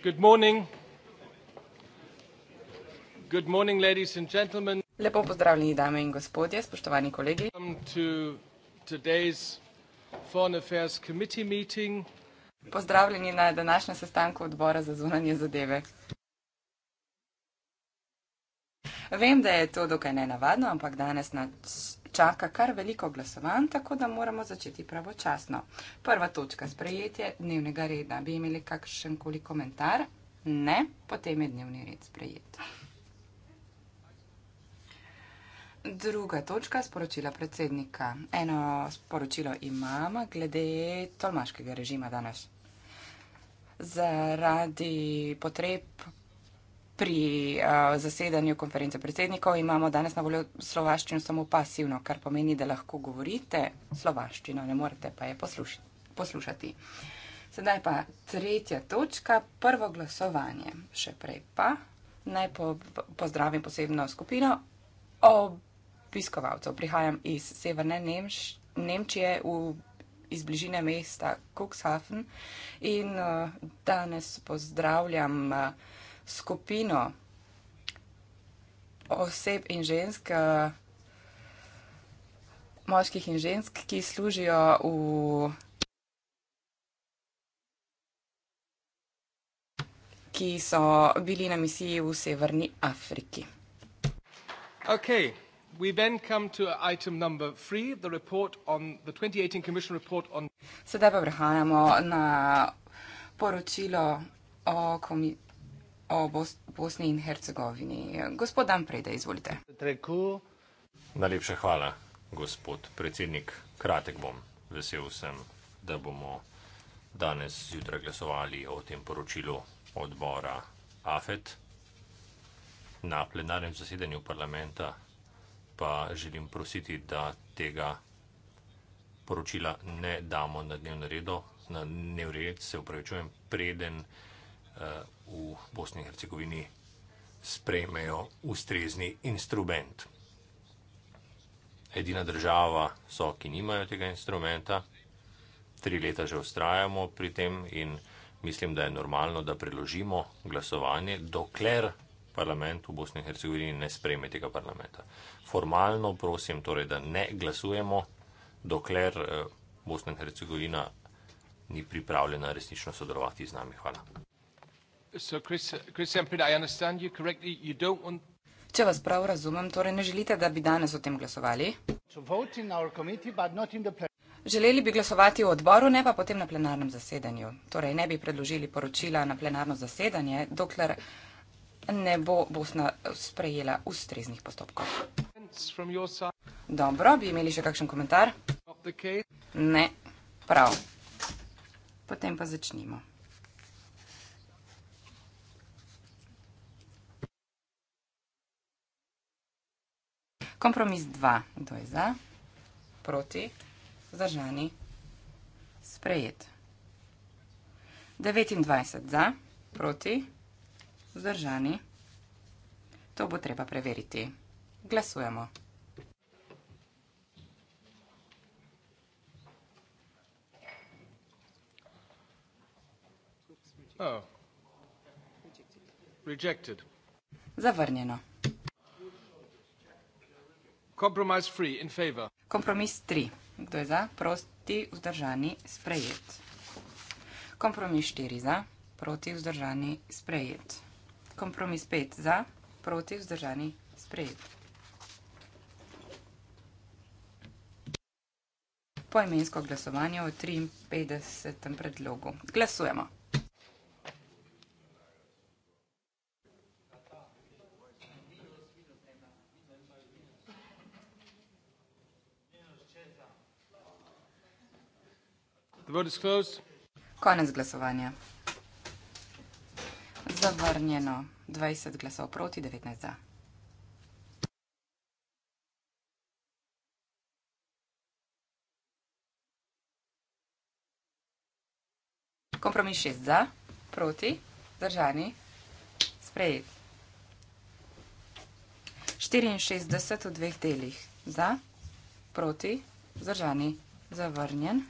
Good morning. Good morning, ladies and gentlemen. Lepo pozdravljeni, dame in gospodje, spoštovani kolegi. Welcome to today's Foreign Affairs Committee meeting. Pozdravljeni na današnjem sestanku odbora za zunanje zadeve. Vem, da je to dokaj nenavadno, ampak danes nas čaka kar veliko glasovanj, tako da moramo začeti pravočasno. Prva točka sprejetje dnevnega reda. Bi imeli kakšen koli komentar? Ne, potem je dnevni red sprejet. Druga točka, sporočila predsednika. Eno sporočilo imam glede tolmaškega režima danes. Zaradi potreb pri uh, zasedanju konference predsednikov imamo danes na voljo slovaščino samo pasivno, kar pomeni, da lahko govorite slovaščino, ne morete pa je posluši, poslušati. Sedaj pa tretja točka, prvo glasovanje. Še prej pa naj po, pozdravim posebno skupino obiskovalcev. Prihajam iz severne Nemš, Nemčije v, iz bližine mesta Cuxhaven in uh, danes pozdravljam. Uh, skupino oseb in žensk, eh, moških in žensk, ki služijo v ki so bili na misiji v Severni Afriki. Okay. We then come to item number three, the report on the 2018 Commission report on. Sedaj pa prehajamo na poročilo o komisiji o Bos Bosni in Hercegovini. Gospod Amprede, izvolite. Najlepša hvala, gospod predsednik. Kratek bom. Vesel sem, da bomo danes zjutraj glasovali o tem poročilu odbora AFET. Na plenarnem zasedanju parlamenta pa želim prositi, da tega poročila ne damo na dnevno redo, na dnevni red, se upravičujem, preden Eh, v Bosni in Hercegovini sprejmejo ustrezni instrument. Edina država so, ki nimajo tega instrumenta. Tri leta že ustrajamo pri tem in mislim, da je normalno, da preložimo glasovanje, dokler parlament v Bosni in Hercegovini ne sprejme tega parlamenta. Formalno prosim torej, da ne glasujemo, dokler eh, Bosna in Hercegovina ni pripravljena resnično sodelovati z nami. Hvala. Če vas prav razumem, torej ne želite, da bi danes o tem glasovali? Želeli bi glasovati v odboru, ne pa potem na plenarnem zasedanju. Torej ne bi predložili poročila na plenarno zasedanje, dokler ne bo Bosna sprejela ustreznih postopkov. Dobro, bi imeli še kakšen komentar? Ne, prav. Potem pa začnimo. Kompromis 2. Kdo je za? Proti? Zdržani? Sprejet. 29 za, proti, zdržani. To bo treba preveriti. Glasujemo. Oh. Zavrnjeno. Compromise three in favor. Kompromis 3. Kdo je za? Proti, vzdržani, sprejet. Kompromis 4 za, proti, vzdržani, sprejet. Kompromis 5 za, proti, vzdržani, sprejet. Poimensko glasovanje o 53. predlogu. Glasujemo. Konec glasovanja. Zavrnjeno 20 glasov proti 19 za. Kompromis 6 za, proti, zdržani, sprejet. 64 v dveh delih za, proti, zdržani, zavrnjen.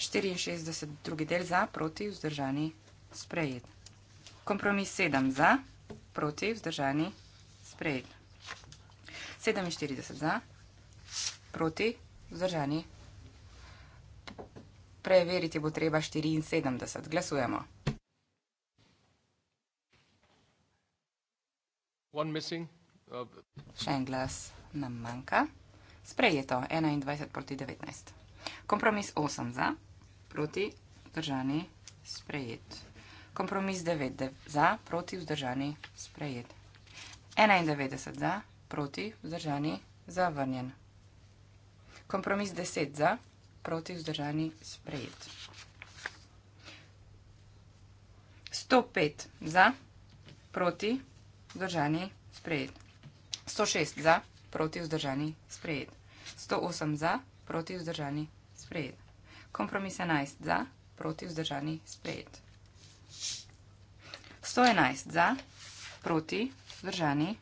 64 drugi del za, proti, vzdržani, sprejet. Kompromis 7 za, proti, vzdržani, sprejet. 47 za, proti, vzdržani, preveriti bo treba 74, glasujemo. Uh, Še en glas nam manjka. Sprejeto, 21 proti 19. Kompromis 8 za, proti, vzdržani, sprejet proti, vzdržani, sprejet. Kompromis 9 za, proti, vzdržani, sprejet. 91 za, proti, vzdržani, zavrnjen. Kompromis 10 za, proti, vzdržani, sprejet. 105 za, proti, vzdržani, sprejet. 106 za, proti, vzdržani, sprejet. 108 za, proti, vzdržani, sprejet kompromis 11 za, proti vzdržani sprejet. 111 za, proti vzdržani.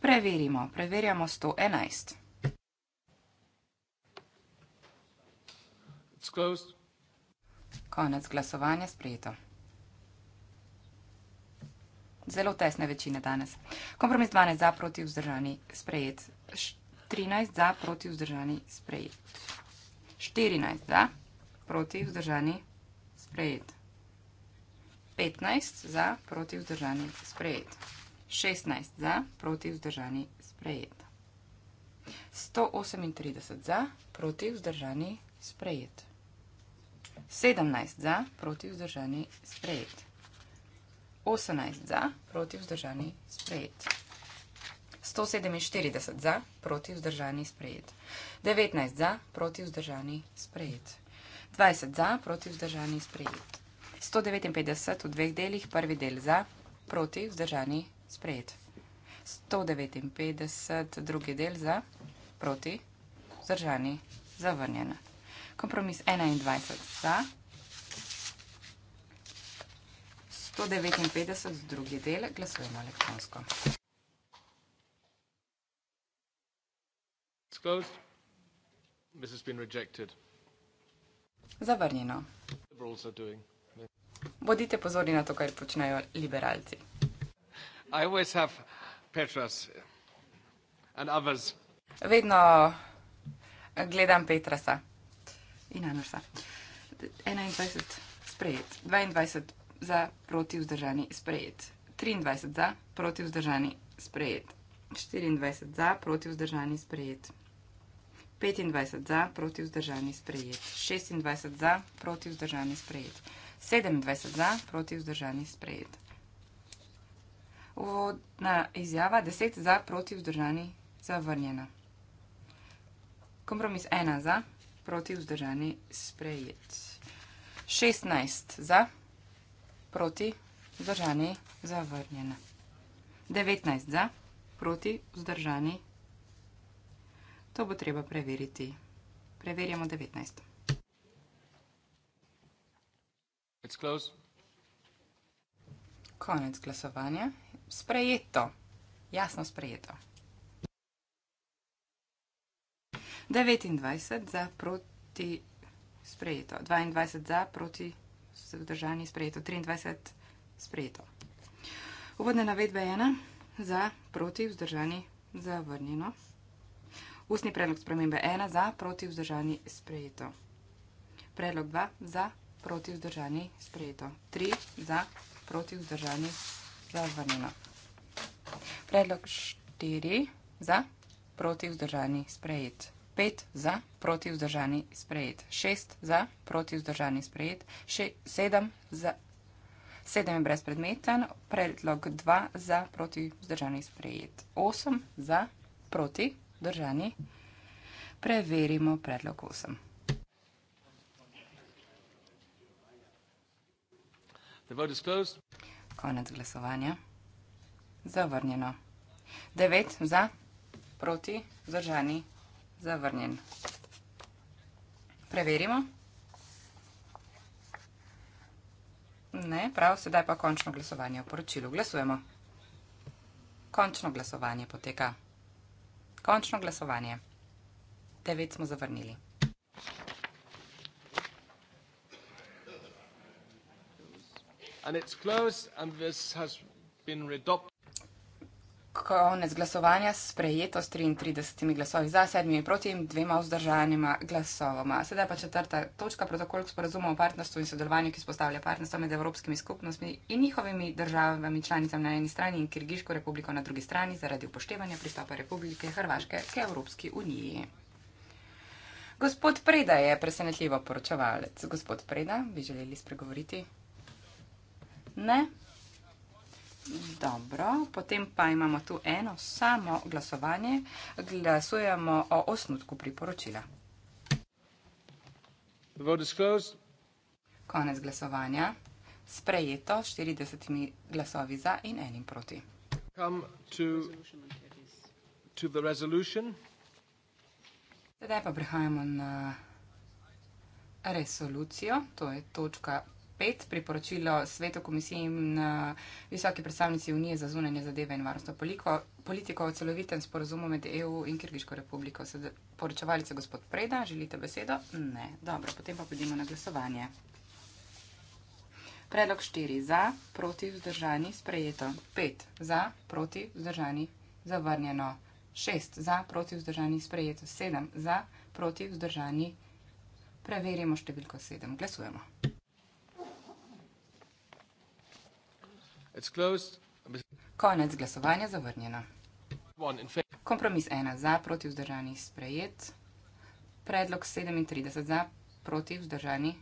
Preverimo, preverjamo 111. Konec glasovanja sprejeto. Zelo tesne večine danes. Kompromis 12 za, proti vzdržani sprejet. 13 za, proti vzdržani sprejet. 14 za, proti vzdržani sprejet. 15 za, proti vzdržani sprejet. 16 za, proti vzdržani sprejet. 138 za, proti vzdržani sprejet. 17 za, proti vzdržani sprejet. 18 za, proti vzdržani sprejet. 19 za, proti vzdržani sprejet. 147 za, proti vzdržani sprejet. 19 za, proti vzdržani sprejet. 20 za, proti vzdržani sprejet. 159 v dveh delih, prvi del za, proti vzdržani sprejet. 159 drugi del za, proti vzdržani zavrnjen. Kompromis 21 za. 159 drugi del, glasujemo elektronsko. disclosed. This has been rejected. Zavrnjeno. Bodite pozorni na to, kar počnejo liberalci. I always have Petras and others. Vedno gledam Petrasa in Anusa. 21 sprejet, 22 za proti vzdržani sprejet, 23 za proti vzdržani sprejet, 24 za proti vzdržani sprejet. 25 za, proti vzdržani sprejet. 26 za, proti vzdržani sprejet. 27 za, proti vzdržani sprejet. Uvodna izjava 10 za, proti vzdržani zavrnjena. Kompromis 1 za, proti vzdržani sprejet. 16 za, proti vzdržani zavrnjena. 19 za, proti vzdržani zavrnjena. To bo treba preveriti. Preverjamo 19. It's close. Konec glasovanja. Sprejeto. Jasno sprejeto. 29 za proti sprejeto. 22 za proti zadržanje sprejeto. 23 sprejeto. Uvodne navedbe 1 za proti vzdržani zavrnjeno. Ustni predlog spremembe 1 za, proti vzdržani sprejeto. Predlog 2 za, proti vzdržani sprejeto. 3 za, proti vzdržani zavrnjeno. Predlog 4 za, proti vzdržani sprejet. 5 za, proti vzdržani sprejet. 6 za, proti vzdržani sprejet. 7 za. 7 je brezpredmeten, predlog 2 za proti vzdržani sprejet. 8 za proti Vzdržani. Preverimo predlog osem. The vote is closed. Konec glasovanja. Zavrnjeno. Devet za, proti, vzdržani, zavrnjen. Preverimo. Ne, prav, sedaj pa končno glasovanje o poročilu. Glasujemo. Končno glasovanje poteka. Končno glasovanje. Devet smo zavrnili. And it's close, and this has been redopted konec glasovanja sprejeto s 33 glasovi za, sedmimi proti in dvema vzdržanima glasovoma. Sedaj pa četrta točka protokol k sporazumu o partnerstvu in sodelovanju, ki spostavlja partnerstvo med evropskimi skupnostmi in njihovimi državami članicami na eni strani in Kirgiško republiko na drugi strani zaradi upoštevanja pristopa Republike Hrvaške k Evropski uniji. Gospod Preda je presenetljivo poročevalec. Gospod Preda, bi želeli spregovoriti? Ne. Dobro, potem pa imamo tu eno samo glasovanje. Glasujemo o osnutku priporočila. Konec glasovanja. Sprejeto 40 glasovi za in enim proti. Zdaj pa prehajamo na resolucijo, to je točka 5, priporočilo Sveto komisiji in eh, visoki predstavnici Unije za zunanje zadeve in varnostno politiko o celovitem sporozumu med EU in Kirgiško republiko. Poročevalice gospod Preda, želite besedo? Ne. Dobro, potem pa pridimo na glasovanje. Predlog 4. Za, proti, vzdržani, sprejeto. 5. Za, proti, vzdržani, zavrnjeno. 6. Za, proti, vzdržani, sprejeto. 7. Za, proti, vzdržani, preverimo številko 7. Glasujemo. Konec glasovanja zavrnjeno. Kompromis 1 za, proti vzdržani sprejet. Predlog 37 za, proti vzdržani.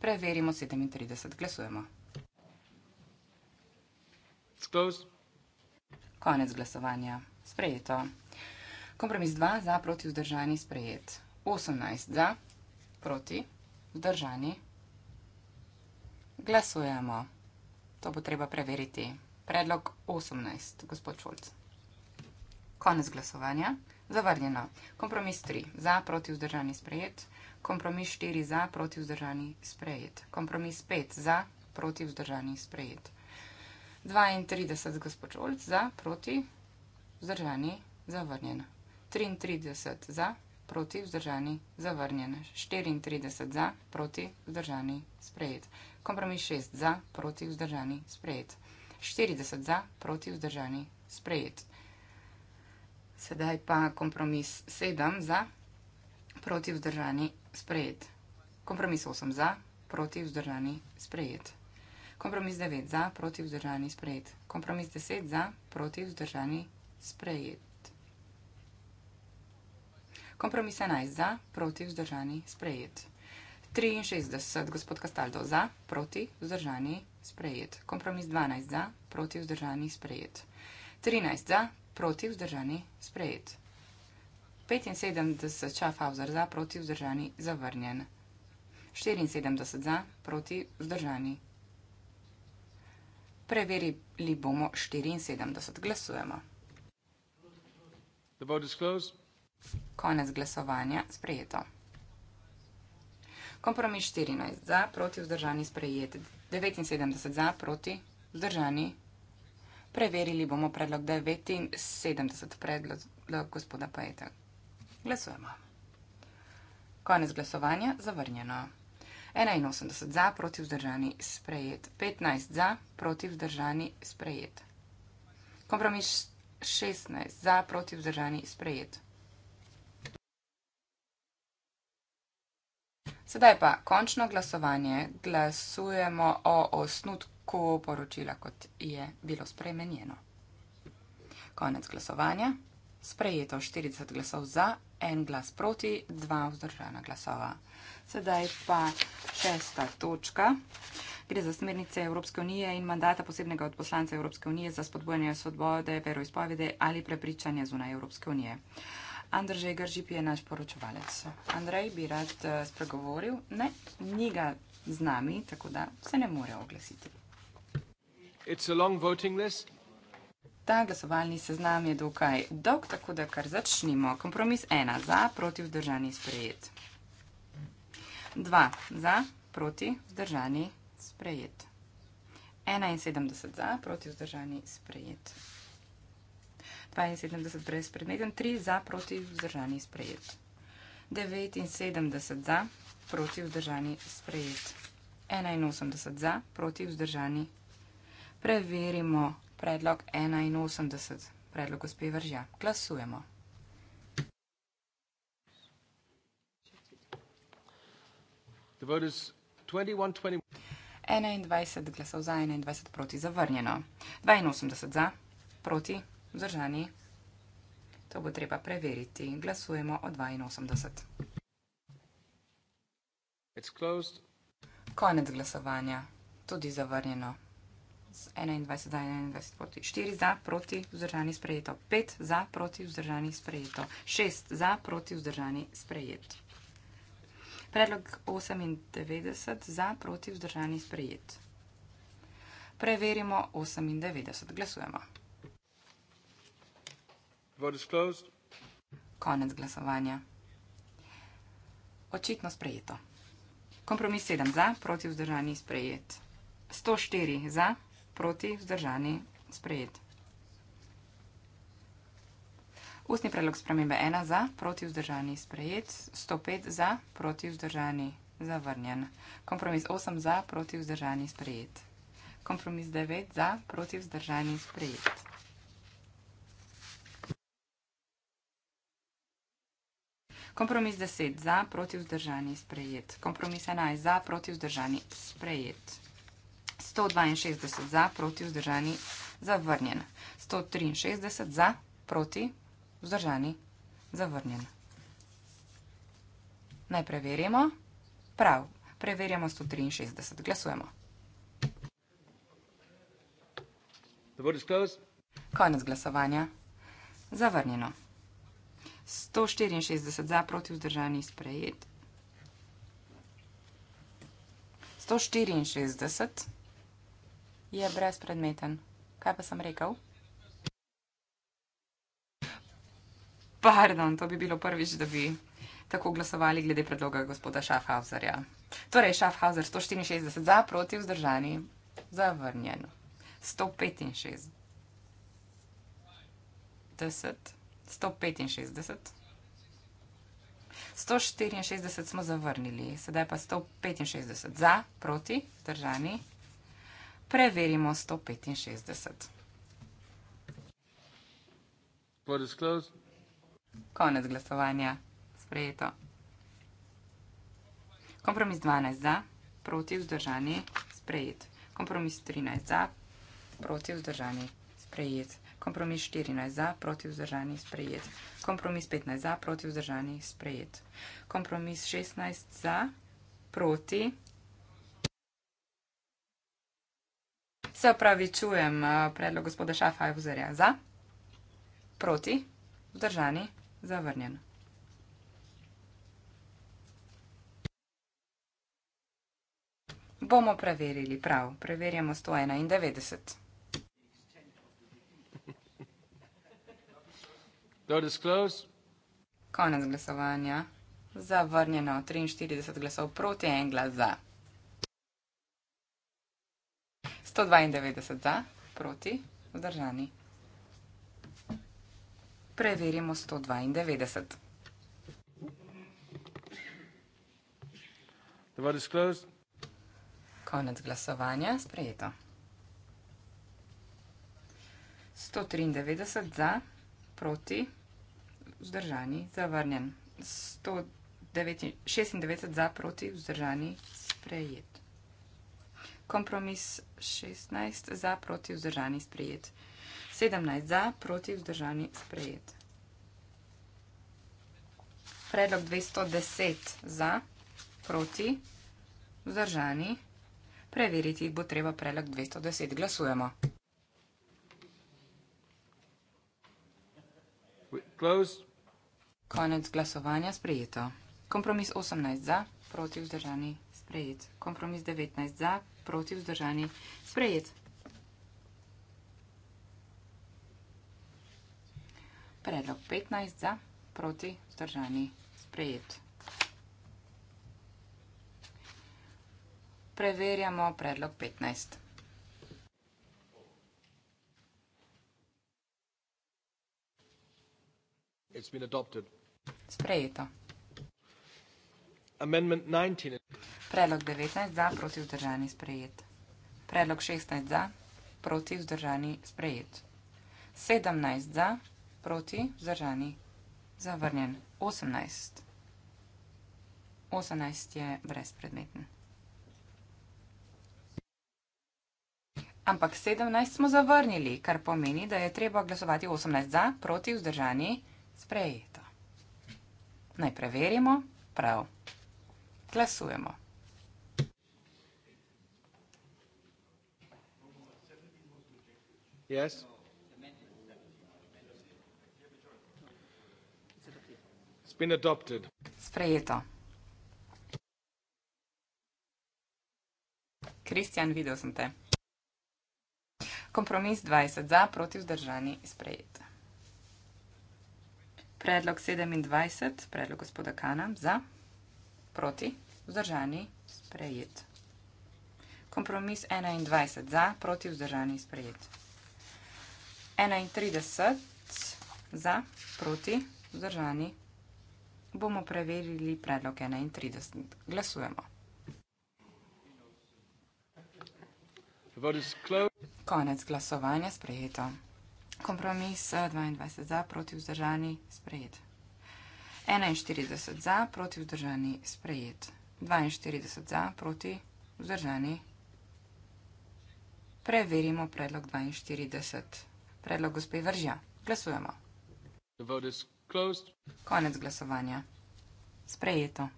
Preverimo 37. Glasujemo. Konec glasovanja. Sprejeto. Kompromis 2 za, proti vzdržani sprejet. 18 za, proti vzdržani. Glasujemo. To bo treba preveriti. Predlog 18, gospod Šolc. Konec glasovanja. Zavrnjeno. Kompromis 3. Za proti vzdržani sprejet. Kompromis 4. Za proti vzdržani sprejet. Kompromis 5. Za proti vzdržani sprejet. 32, gospod Šolc. Za proti vzdržani zavrnjen. 33 za proti vzdržani, zavrnjen. 34 za, proti vzdržani, sprejet. Kompromis 6 za, proti vzdržani, sprejet. 40 za, proti vzdržani, sprejet. Sedaj pa kompromis 7 za, proti vzdržani, sprejet. Kompromis 8 za, proti vzdržani, sprejet. Kompromis 9 za, proti vzdržani, sprejet. Kompromis 10 za, proti vzdržani, sprejet. Kompromis 11 za, proti vzdržani sprejet. 63, gospod Kastaldo za, proti vzdržani sprejet. Kompromis 12 za, proti vzdržani sprejet. 13 za, proti vzdržani sprejet. 75 ča Fauzer za, proti vzdržani zavrnjen. 74 za, proti vzdržani. Preverili bomo 74. Glasujemo. The vote is closed. Konec glasovanja. Sprejeto. Kompromis 14 za, proti vzdržani sprejet. 79 za, proti vzdržani. Preverili bomo predlog 79, predlog gospoda Pajeta. Glasujemo. Konec glasovanja. Zavrnjeno. 81 za, proti vzdržani sprejet. 15 za, proti vzdržani sprejet. Kompromis 16 za, proti vzdržani sprejet. Sedaj pa končno glasovanje. Glasujemo o osnutku poročila, kot je bilo spremenjeno. Konec glasovanja. Sprejeto 40 glasov za, en glas proti, dva vzdržana glasova. Sedaj pa šesta točka. Gre za smernice Evropske unije in mandata posebnega odposlanca Evropske unije za spodbojanje svobode, veroizpovede ali prepričanja zunaj Evropske unije. Uh, Andrej Gržip je naš poročevalec. Andrej bi rad eh, spregovoril, ne, ni ga z nami, tako da se ne more oglasiti. Ta glasovalni seznam je dokaj dolg, tako da kar začnimo. Kompromis ena za, proti vzdržani sprejet. Dva za, proti vzdržani sprejet. 71 za, proti vzdržani sprejet. 72 brez predmeten, 3 za, proti vzdržani sprejet. 79 za, proti vzdržani sprejet. 81 za, proti vzdržani. Preverimo predlog 81, predlog gospe Vržja. Glasujemo. The vote is 21, 21. 21 glasov za, 21 proti, zavrnjeno. 82 za, proti, Vzdržani. To bo treba preveriti. Glasujemo o 82. It's closed. Konec glasovanja. Tudi zavrnjeno. Z 21 za 21 proti 4 za proti vzdržani sprejeto. 5 za proti vzdržani sprejeto. 6 za proti vzdržani sprejet. Predlog 98 za proti vzdržani sprejet. Preverimo 98. Glasujemo. Vote is closed. Konec glasovanja. Očitno sprejeto. Kompromis 7 za, proti vzdržani sprejet. 104 za, proti vzdržani sprejet. Ustni predlog spremembe 1 za, proti vzdržani sprejet. 105 za, proti vzdržani zavrnjen. Kompromis 8 za, proti vzdržani sprejet. Kompromis 9 za, proti vzdržani sprejet. Kompromis 10 za, proti vzdržani, sprejet. Kompromis 11 za, proti vzdržani, sprejet. 162 za, proti vzdržani, zavrnjen. 163 za, proti vzdržani, zavrnjen. Naj preverimo. Prav, preverjamo 163. Glasujemo. Konec glasovanja. Zavrnjeno. 164 za, proti vzdržani sprejet. 164 je brezpredmeten. Kaj pa sem rekel? Pardon, to bi bilo prvič, da bi tako glasovali glede predloga gospoda Schaffhauserja. Torej, Schaffhauser 164 za, proti vzdržani, zavrnjen. 165. 10. 165. 164 smo zavrnili, sedaj pa 165 za, proti, držani. Preverimo 165. Vote is closed. Konec glasovanja. Sprejeto. Kompromis 12 za, proti, vzdržani. Sprejet. Kompromis 13 za, proti, vzdržani. Sprejet. Kompromis 14 za, proti vzdržani sprejet. Kompromis 15 za, proti vzdržani sprejet. Kompromis 16 za, proti. Se pravi, čujem eh, predlog gospoda Šafaja vzorja za, proti, vzdržani, zavrnjen. Bomo preverili prav. Preverjamo 191. Konec glasovanja. Zavrnjeno 43 glasov proti, en glas za. 192 za, proti, vzdržani. Preverimo 192. The vote is closed. Konec glasovanja, sprejeto. 193 za, proti, vzdržani vzdržani, zavrnjen. 196 za proti, vzdržani, sprejet. Kompromis 16 za proti, vzdržani, sprejet. 17 za proti, vzdržani, sprejet. Predlog 210 za proti, vzdržani, preveriti bo treba predlog 210. Glasujemo. Closed. Konec glasovanja sprejeto. Kompromis 18 za, proti vzdržani sprejet. Kompromis 19 za, proti vzdržani sprejet. Predlog 15 za, proti vzdržani sprejet. Preverjamo predlog 15. It's been adopted sprejeto. Predlog 19 za, proti vzdržani sprejet. Predlog 16 za, proti vzdržani sprejet. 17 za, proti vzdržani zavrnjen. 18. 18 je brezpredmeten. Ampak 17 smo zavrnili, kar pomeni, da je treba glasovati 18 za, proti vzdržani sprejet. Naj preverimo. Prav. Glasujemo. Yes. It's been adopted. Sprejeto. Kristjan, videl sem te. Kompromis 20 za, proti vzdržani, sprejet. Predlog 27, predlog gospoda Kana za, proti, vzdržani, sprejet. Kompromis 21 za, proti, vzdržani, sprejet. 31 za, proti, vzdržani. Bomo preverili predlog 31. Glasujemo. Konec glasovanja sprejeto. Kompromis 22 eh, za, proti vzdržani, sprejet. 41 za, proti vzdržani, sprejet. 42 za, proti vzdržani. Preverimo predlog 42. Predlog gospe Vržja. Glasujemo. Konec glasovanja. Sprejeto.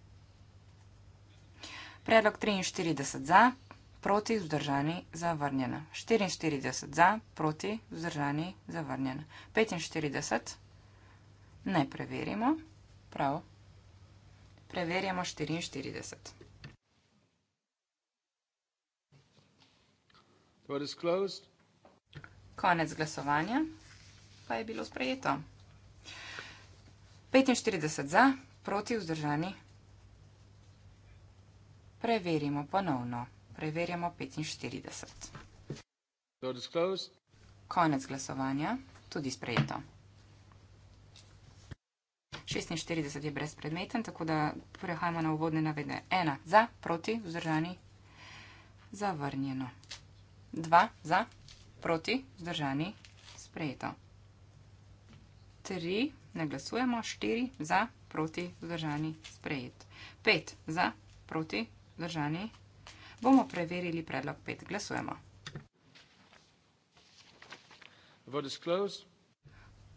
Predlog 43 za, proti, vzdržani, zavrnjena. 44 za, proti, vzdržani, zavrnjena. 45, ne preverimo, prav, preverjamo 44. Konec glasovanja pa je bilo sprejeto. 45 za, proti, vzdržani. Preverimo ponovno. Preverjamo 45. Konec glasovanja. Tudi sprejeto. 46 je brezpredmeten, tako da prehajamo na uvodne navedene. 1 za, proti, vzdržani, zavrnjeno. 2 za, proti, vzdržani, sprejeto. 3, ne glasujemo, 4 za, proti, vzdržani, sprejeto. 5 za, proti, vzdržani, sprejeto bomo preverili predlog 5. Glasujemo.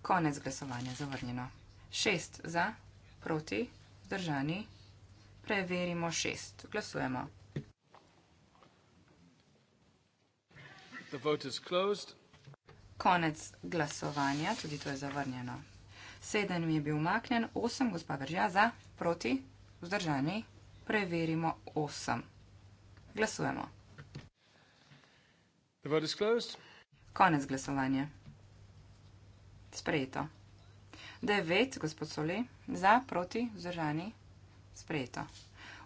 Konec glasovanja zavrnjeno. 6 za, proti, držani. Preverimo 6. Glasujemo. The vote is closed. Konec glasovanja, tudi to je zavrnjeno. Sedem je bil umaknjen, osem gospa Veržja za, proti, vzdržani, preverimo osem. Glasujemo. The vote is closed. Konec glasovanja. Sprejeto. Devet, gospod Soli, za, proti, vzdržani, sprejeto.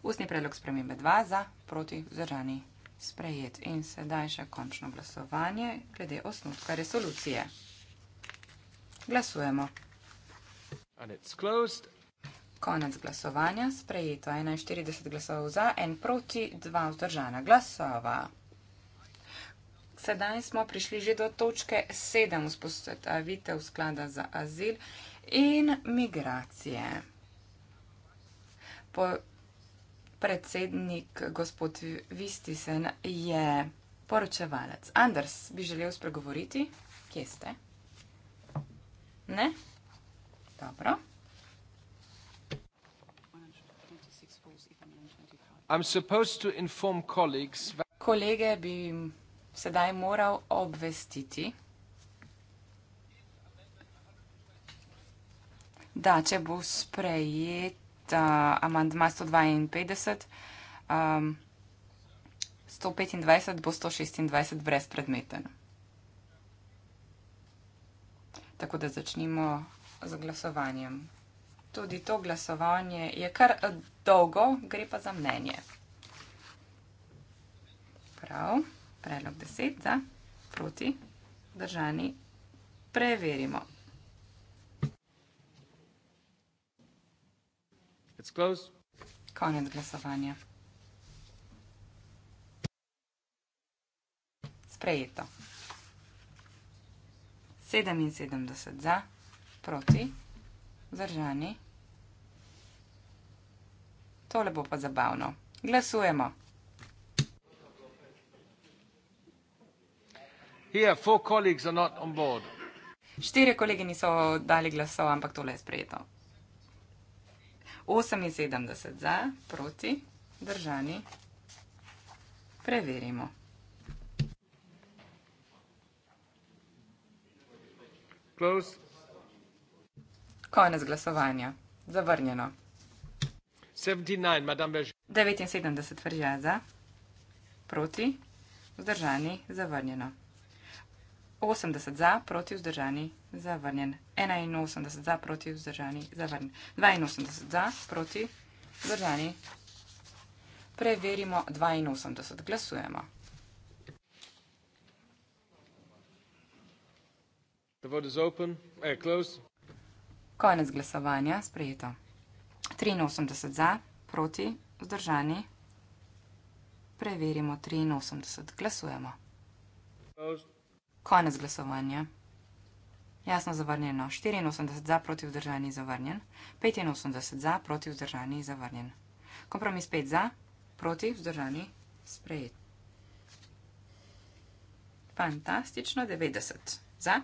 Ustni predlog spremembe dva, za, proti, vzdržani, sprejet. In sedaj še končno glasovanje glede osnutka resolucije. Glasujemo. And it's closed. Konec glasovanja, sprejeto 41 glasov za, en proti, dva vzdržana glasova. Sedaj smo prišli že do točke 7 vzpostavitev sklada za azil in migracije. Po predsednik gospod Vistisen je poročevalec. Anders, bi želel spregovoriti? Kje ste? Ne? Dobro. Kolege bi sedaj moral obvestiti, da če bo sprejet amandma 152, 125 bo 126 brezpredmeten. Tako da začnimo z glasovanjem tudi to glasovanje je kar dolgo, gre pa za mnenje. Prav, predlog 10 za, proti, držani, preverimo. Konec glasovanja. Sprejeto. 77 za, proti zdržani. Tole bo pa zabavno. Glasujemo. Štiri kolegi niso dali glasov, ampak tole je sprejeto. 78 za, proti, držani. Preverimo. Close. Konec glasovanja. Zavrnjeno. 79 vrže za, proti, vzdržani, zavrnjeno. 80 za, proti, vzdržani, zavrnjen. 81 za, proti, vzdržani, zavrnjen. 82 za, proti, vzdržani. Preverimo 82. Glasujemo. The vote is open. Uh, closed. Konec glasovanja, sprejeto. 83 za, proti, vzdržani. Preverimo 83, glasujemo. Konec glasovanja. Jasno zavrnjeno. 84 za, proti vzdržani, zavrnjen. 85 za, proti vzdržani, zavrnjen. Kompromis 5 za, proti vzdržani, sprejet. Fantastično, 90 za,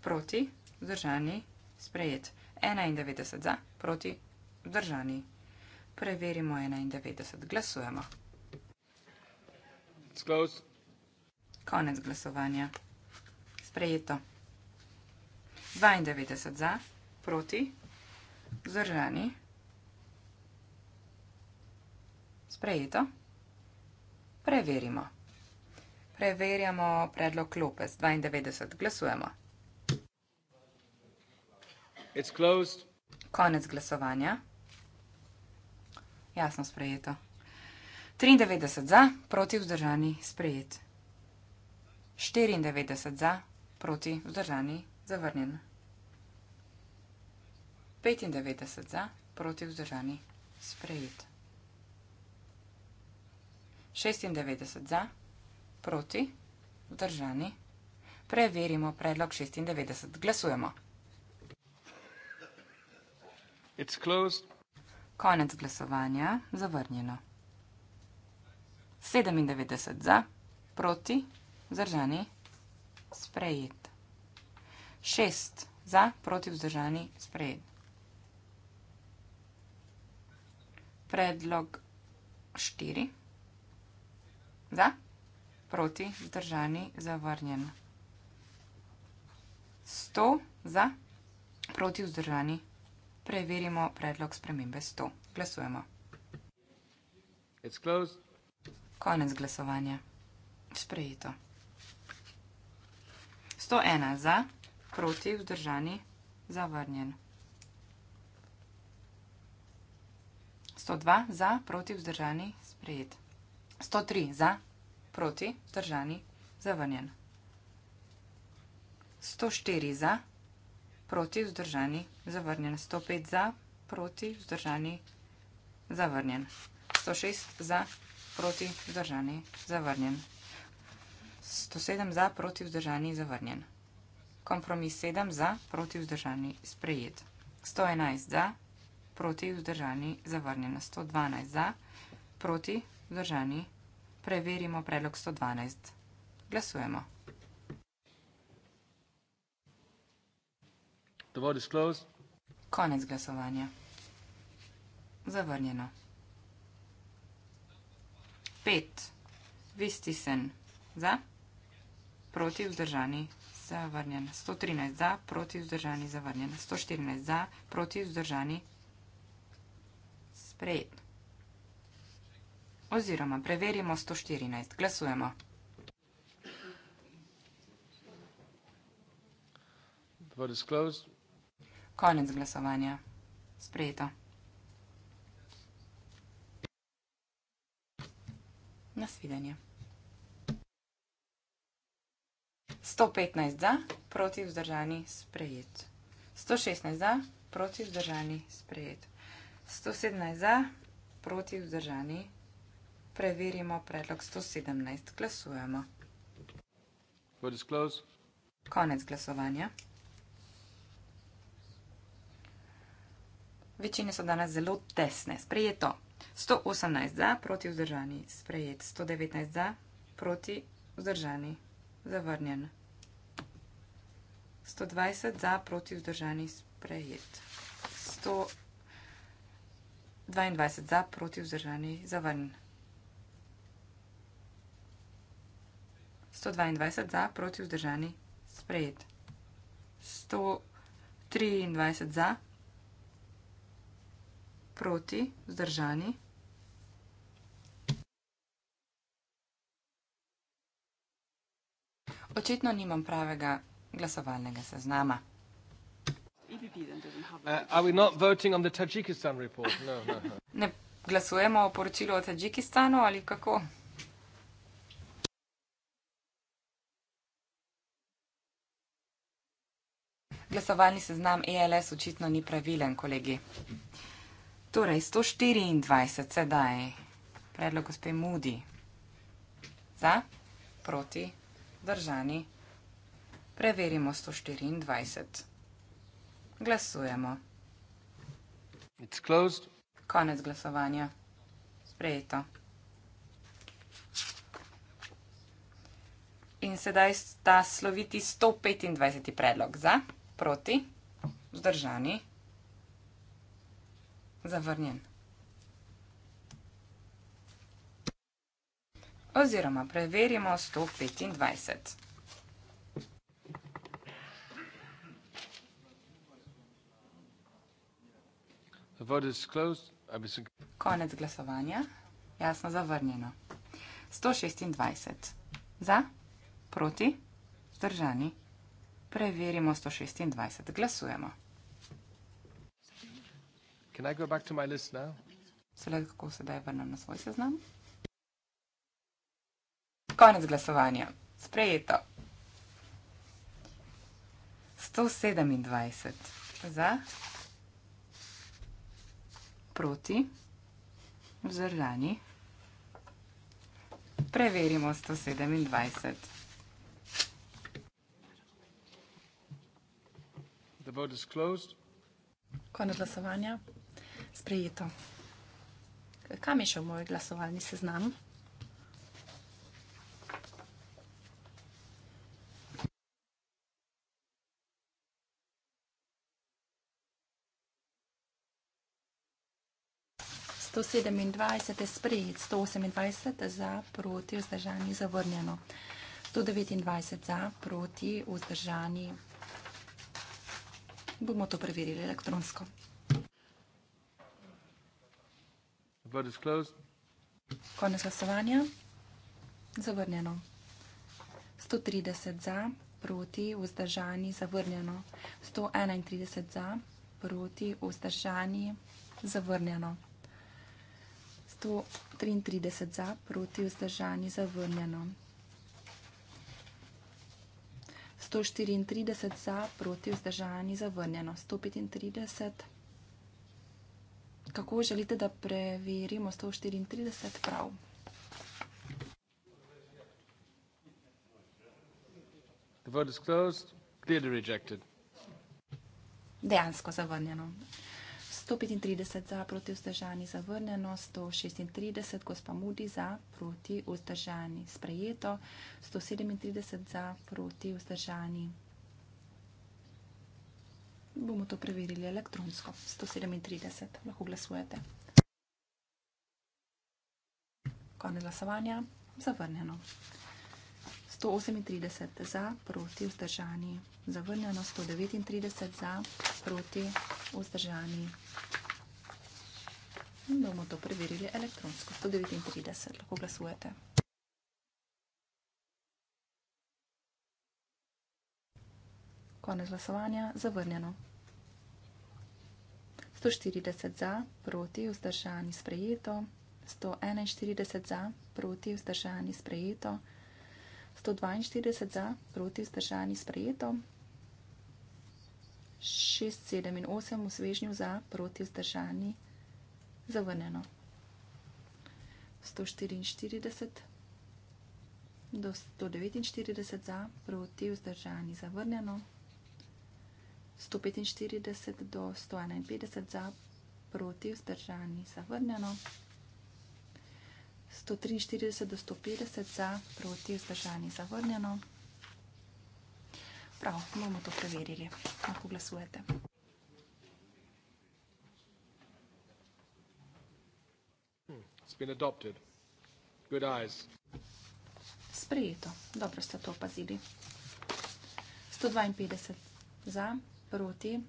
proti vzdržani, sprejet sprejet. 91 za, proti, vzdržani. Preverimo 91, glasujemo. Konec glasovanja. Sprejeto. 92 za, proti, vzdržani. Sprejeto. Preverimo. Preverjamo predlog Lopez. 92 glasujemo. Konec glasovanja. Jasno sprejeto. 93 za, proti vzdržani sprejet. 94 za, proti vzdržani zavrnjen. 95 za, proti vzdržani sprejet. 96 za, proti vzdržani. Preverimo predlog 96. Glasujemo. Konec glasovanja, zavrnjeno. 97 za, proti, vzdržani, sprejet. 6 za, proti, vzdržani, sprejet. Predlog 4 za, proti, vzdržani, zavrnjen. 100 za, proti, vzdržani, sprejet preverimo predlog spremembe 100. Glasujemo. Konec glasovanja. Sprejeto. 101 za, proti, vzdržani, zavrnjen. 102 za, proti, vzdržani, sprejet. 103 za, proti, vzdržani, zavrnjen. 104 za, proti, vzdržani, zavrnjen proti vzdržani, zavrnjen. 105 za, proti vzdržani, zavrnjen. 106 za, proti vzdržani, zavrnjen. 107 za, proti vzdržani, zavrnjen. Kompromis 7 za, proti vzdržani, sprejet. 111 za, proti vzdržani, zavrnjen. 112 za, proti vzdržani, preverimo predlog 112. Glasujemo. The vote is closed. Konec glasovanja. Zavrnjeno. Pet. Vistisen. Za. Proti vzdržani. Zavrnjeno. 113 za. Proti vzdržani. Zavrnjeno. 114 za. Proti vzdržani. Sprejet. Oziroma, preverimo 114. Glasujemo. The vote is closed. Konec glasovanja. Sprejeto. Nasvidenje. 115 za, proti vzdržani sprejet. 116 za, proti vzdržani sprejet. 117 za, proti vzdržani. Preverimo predlog 117. Glasujemo. Konec glasovanja. Večine so danes zelo tesne. Sprejeto 118 za, proti vzdržani. Sprejet 119 za, proti vzdržani. Zavrnjen. 120 za, proti vzdržani. Sprejet. 122 za, proti vzdržani. Zavrnjen. 122 za, proti vzdržani. Sprejet. 123 za, proti vzdržani proti, vzdržani. Očitno nimam pravega glasovalnega seznama. Uh, no, no, no. Ne glasujemo o poročilu o Tadžikistanu ali kako? Glasovalni seznam ELS očitno ni pravilen, kolegi. Torej, 124 sedaj, predlog gospe Mudi. Za, proti, držani. Preverimo 124. Glasujemo. It's closed. Konec glasovanja. Sprejeto. In sedaj ta sloviti 125. predlog za, proti, vzdržani zavrnjen. Oziroma preverimo 125. Konec glasovanja. Jasno zavrnjeno. 126. Za, proti, zdržani. Preverimo 126. Glasujemo. Glasujemo. Can I go back to my list now? Se lahko sedaj vrnem na svoj seznam. Konec glasovanja. Sprejeto. 127 za, proti, vzdržani. Preverimo 127. The vote is closed. Konec glasovanja sprejeto. Kam je šel moj glasovalni seznam? Sto sedemindvajset je sprejet, sto osemindvajset za, proti, vzdržani, zavrnjeno. Sto devetindvajset za, proti, vzdržani. Bomo to preverili elektronsko. vote is closed. Konec glasovanja. Zavrnjeno. 130 za, proti, vzdržani, zavrnjeno. 131 za, proti, vzdržani, zavrnjeno. 133 za, proti, vzdržani, zavrnjeno. 134 za, proti, vzdržani, zavrnjeno. 135 za kako želite, da preverimo 134 prav. Dejansko zavrnjeno. 135 za proti vzdržani zavrnjeno, 136 gospa Mudi za proti vzdržani sprejeto, 137 za proti vzdržani sprejeto bomo to preverili elektronsko. 137, lahko glasujete. Konec glasovanja, zavrnjeno. 138 za, proti, vzdržani, zavrnjeno. 139 za, proti, vzdržani. In bomo to preverili elektronsko. 139, lahko glasujete. Konec glasovanja zavrnjeno. 140 za, proti, vzdržani sprejeto. 141 za, proti, vzdržani sprejeto. 142 za, proti, vzdržani sprejeto. 6, 7 in 8 v svežnju za, proti, vzdržani zavrnjeno. 144 do 149 za, proti, vzdržani zavrnjeno. 145 do 151 za, proti, vzdržani, zavrnjeno. 143 do 150 za, proti, vzdržani, zavrnjeno. Prav, bomo to preverili, lahko glasujete. Sprejeto, dobro ste to opazili. 152 za, proti,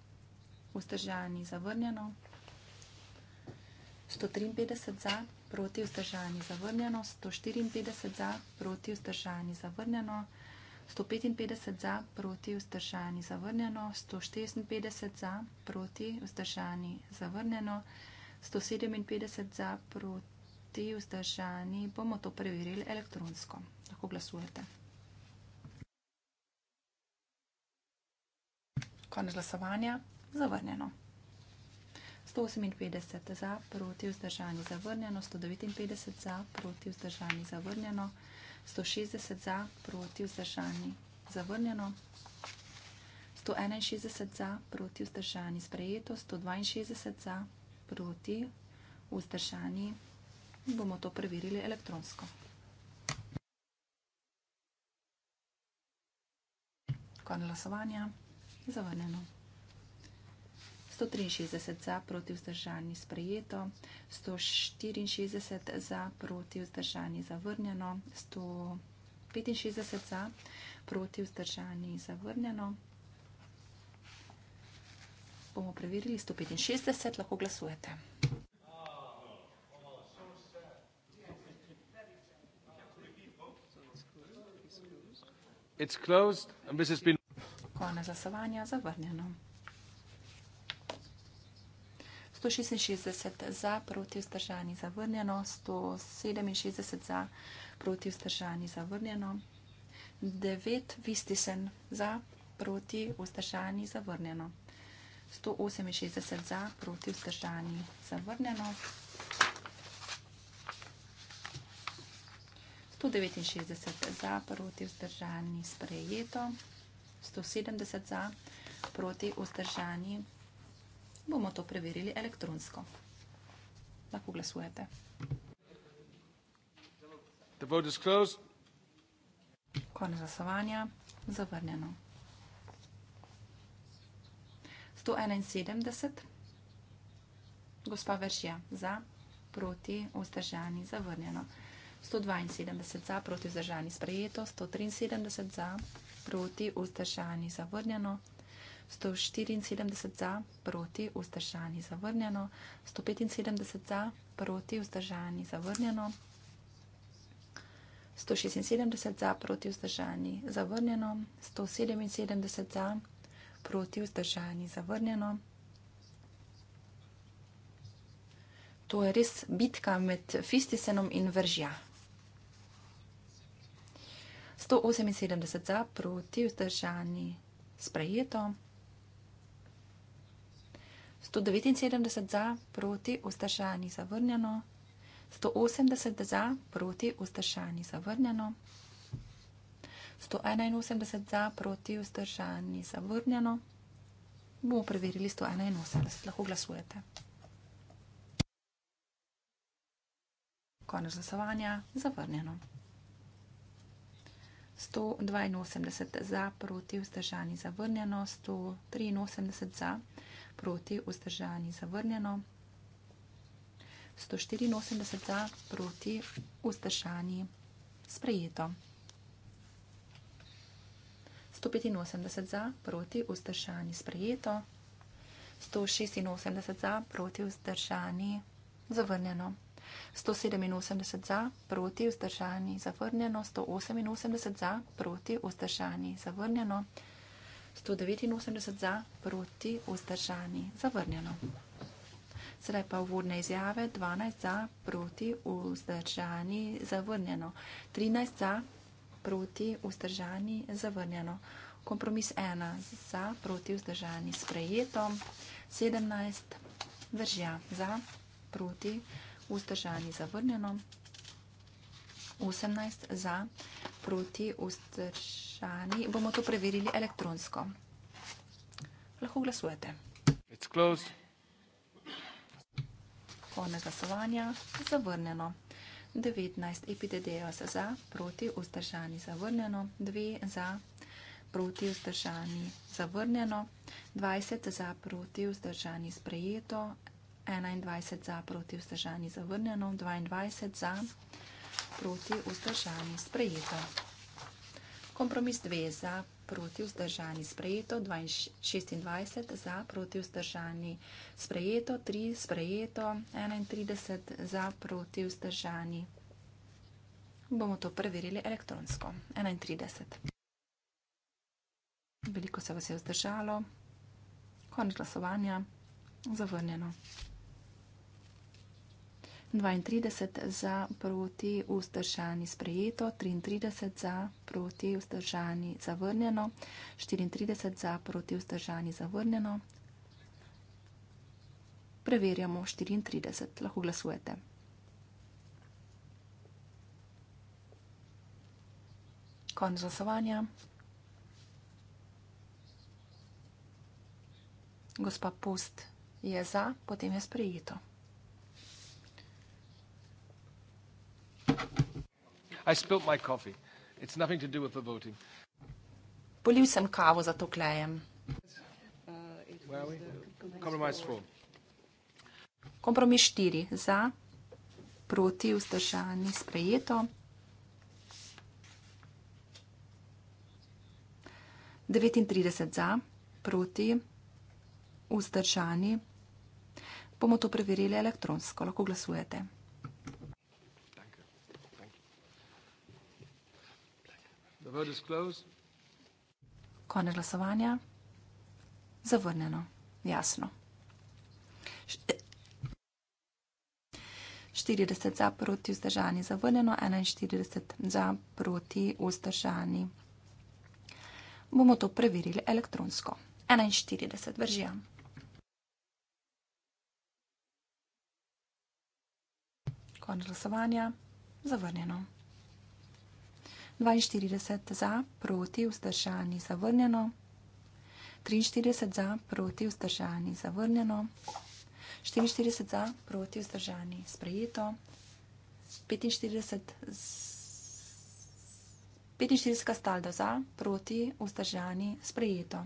vzdržani zavrnjeno, 153 za, proti vzdržani zavrnjeno, 154 za, proti vzdržani zavrnjeno, 155 za, proti vzdržani zavrnjeno, 156 za, proti vzdržani zavrnjeno, 157 za, proti vzdržani, bomo to preverili elektronsko, lahko glasujete. Konec glasovanja. Zavrnjeno. 158 za, proti vzdržani zavrnjeno, 159 za, proti vzdržani zavrnjeno, 160 za, proti vzdržani zavrnjeno, 161 za, proti vzdržani sprejeto, 162 za, proti vzdržani. Bomo to preverili elektronsko. Konec glasovanja. Zavrnjeno. 163 za, proti vzdržani sprejeto, 164 za, proti vzdržani zavrnjeno, 165 za, proti vzdržani zavrnjeno. Bomo preverili 165, lahko glasujete. It's closed and this has been Konec glasovanja, zavrnjeno. 166 za, proti vzdržani, zavrnjeno. 167 za, proti vzdržani, zavrnjeno. 9 vistisen za, proti vzdržani, zavrnjeno. 168 za, proti vzdržani, zavrnjeno. 169 za, proti vzdržani, sprejeto. 170 za, proti vzdržani. Bomo to preverili elektronsko. Lahko glasujete. Konec glasovanja. Zavrnjeno. 171. Gospa Veržija za, proti vzdržani. Zavrnjeno. 172 za, proti vzdržani. Sprejeto. 173 za proti, vzdržani, zavrnjeno, 174 za, proti, vzdržani, zavrnjeno, 175 za, proti, vzdržani, zavrnjeno, 176 za, proti, vzdržani, zavrnjeno, 177 za, proti, vzdržani, zavrnjeno. To je res bitka med Fistisenom in Vržjem. 178 za, proti, vzdržani, sprejeto. 179 za, proti, vzdržani, zavrnjeno. 180 za, proti, vzdržani, zavrnjeno. 181 za, proti, vzdržani, zavrnjeno. Bomo preverili 181, lahko glasujete. Konec glasovanja, zavrnjeno. 182 za, proti vzdržani zavrnjeno, 183 za, proti vzdržani zavrnjeno, 184 za, proti vzdržani sprejeto. 185 za, proti vzdržani sprejeto, 186 za, proti vzdržani zavrnjeno. 187 za, proti, vzdržani, zavrnjeno, 188 za, proti, vzdržani, zavrnjeno, 189 za, proti, vzdržani, zavrnjeno. Sedaj pa uvodne izjave, 12 za, proti, vzdržani, zavrnjeno, 13 za, proti, vzdržani, zavrnjeno. Kompromis 1 za, proti, vzdržani, sprejeto, 17 držja za, proti, vzdržani, zavrnjeno vzdržani zavrnjeno, 18 za, proti vzdržani. Bomo to preverili elektronsko. Lahko glasujete. Konec glasovanja, zavrnjeno. 19 epidedeos za, proti vzdržani zavrnjeno, 2 za, proti vzdržani zavrnjeno, 20 za, proti vzdržani sprejeto, 21 za, proti vzdržani zavrnjeno, 22 za, proti vzdržani sprejeto. Kompromis 2 za, proti vzdržani sprejeto, 26 za, proti vzdržani sprejeto, 3 sprejeto, 31 za, proti vzdržani. Bomo to preverili elektronsko. 31. Veliko se vas je vzdržalo. Konec glasovanja. Zavrnjeno. 32 za, proti, vzdržani, sprejeto, 33 za, proti, vzdržani, zavrnjeno, 34 za, proti, vzdržani, zavrnjeno. Preverjamo 34, lahko glasujete. Konec glasovanja. Gospa Pust je za, potem je sprejeto. I spilled my coffee. It's nothing to do with the voting. Polil sem kavo za to klejem. Kompromis 4. Za, proti, vzdržani, sprejeto. 39 za, proti, vzdržani. Bomo to preverili elektronsko, lahko glasujete. The vote is closed. Konec glasovanja. Zavrnjeno. Jasno. 40 za proti vzdržani, zavrnjeno, 41 za proti vzdržani. Bomo to preverili elektronsko. 41 vržijo. Konec glasovanja. Zavrnjeno. 42 za, proti, vzdržani, zavrnjeno. 43 za, proti, vzdržani, zavrnjeno. 44 za, proti, vzdržani, sprejeto. 45, z... 45 staldo za, proti, vzdržani, sprejeto.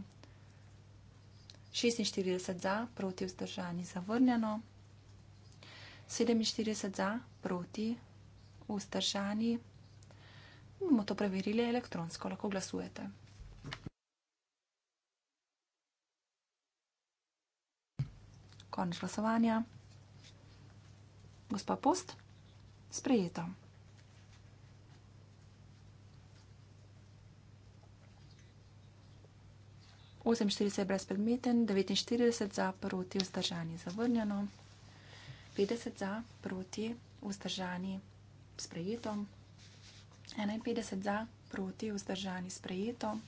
46 za, proti, vzdržani, zavrnjeno. 47 za, proti, vzdržani, sprejeto bomo to preverili elektronsko, lahko glasujete. Konec glasovanja. Gospa Post, sprejeto. Oseminštirideset je brezpredmeten, devetinštirideset za, proti, vzdržani, zavrnjeno, petdeset za, proti, vzdržani, sprejeto. 51 za, proti, vzdržani, sprejeto.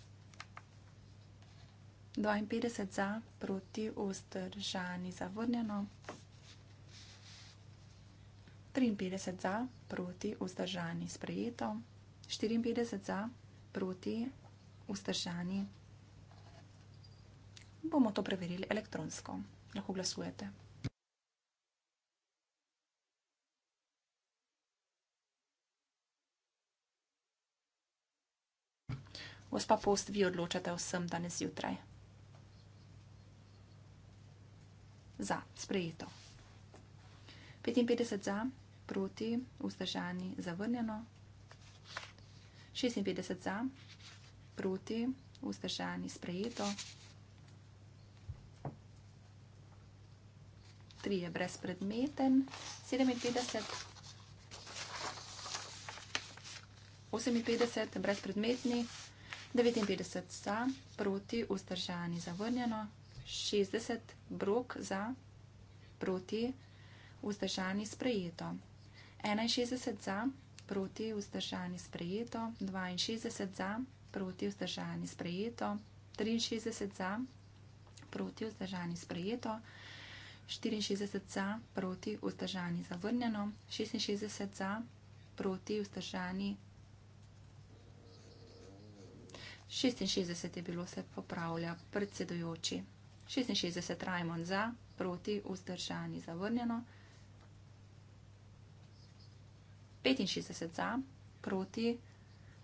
52 za, proti, vzdržani, zavrnjeno. 53 za, proti, vzdržani, sprejeto. 54 za, proti, vzdržani. Bomo to preverili elektronsko. Lahko glasujete. gospa Post, vi odločate o vsem danes zjutraj. Za, sprejeto. 55 za, proti, vzdržani, zavrnjeno. 56 za, proti, vzdržani, sprejeto. 3 je brezpredmeten, 57, 58 je brezpredmetni, 59 za, proti, vzdržani, zavrnjeno. 60 brok za, proti, vzdržani, sprejeto. 61 za, proti, vzdržani, sprejeto. 62 za, proti, vzdržani, sprejeto. 63 za, proti, vzdržani, sprejeto. 64 za, proti, vzdržani, zavrnjeno. 66 za, proti, vzdržani, 66 je bilo, se popravlja predsedujoči. 66 Rajmon za, proti, vzdržani, zavrnjeno. 65 za, proti,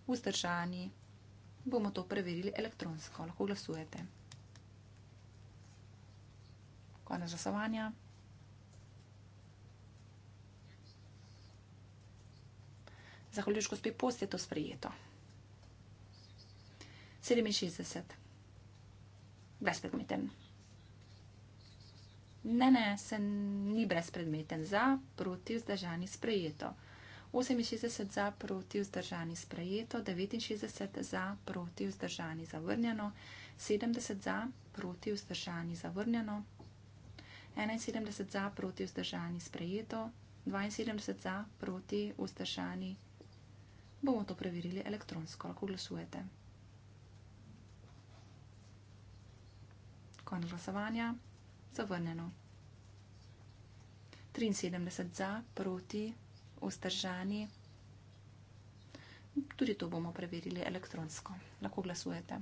vzdržani. Bomo to preverili elektronsko, lahko glasujete. Konec glasovanja. Zahvaljujoč gospe Post je to sprejeto. 67. Brezpredmeten. Ne, ne, se ni brezpredmeten. Za, proti, vzdržani, sprejeto. 68 za, proti, vzdržani, sprejeto. 69 za, proti, vzdržani, zavrnjeno. 70 za, proti, vzdržani, zavrnjeno. 71 za, proti, vzdržani, sprejeto. 72 za, proti, vzdržani. Bomo to preverili elektronsko, lahko glasujete. Konec glasovanja. Zavrnjeno. 73 za, proti, ostržani. Tudi to bomo preverili elektronsko. Lahko glasujete.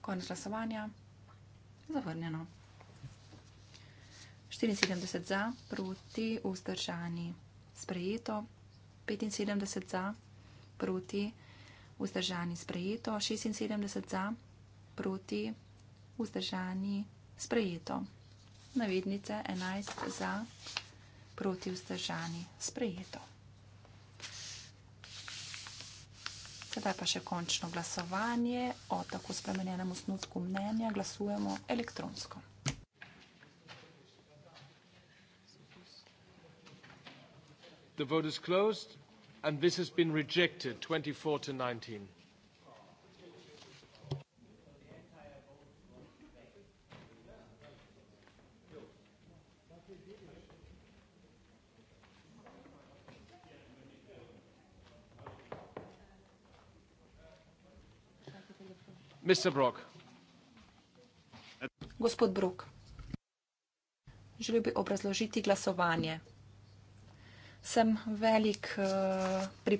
Konec glasovanja. Zavrnjeno. 74 za, proti, ostržani. Sprejeto. 75 za, proti, ostržani. Sprejeto. 76 za, proti proti, vzdržani, sprejeto. Navidnice 11 za, proti, vzdržani, sprejeto. Sedaj pa še končno glasovanje o tako spremenjenem osnutku mnenja. Glasujemo elektronsko. The vote is closed and this has been rejected 24 to 19. Brok. Gospod Brok, želel bi obrazložiti glasovanje. Sem velik uh, pri,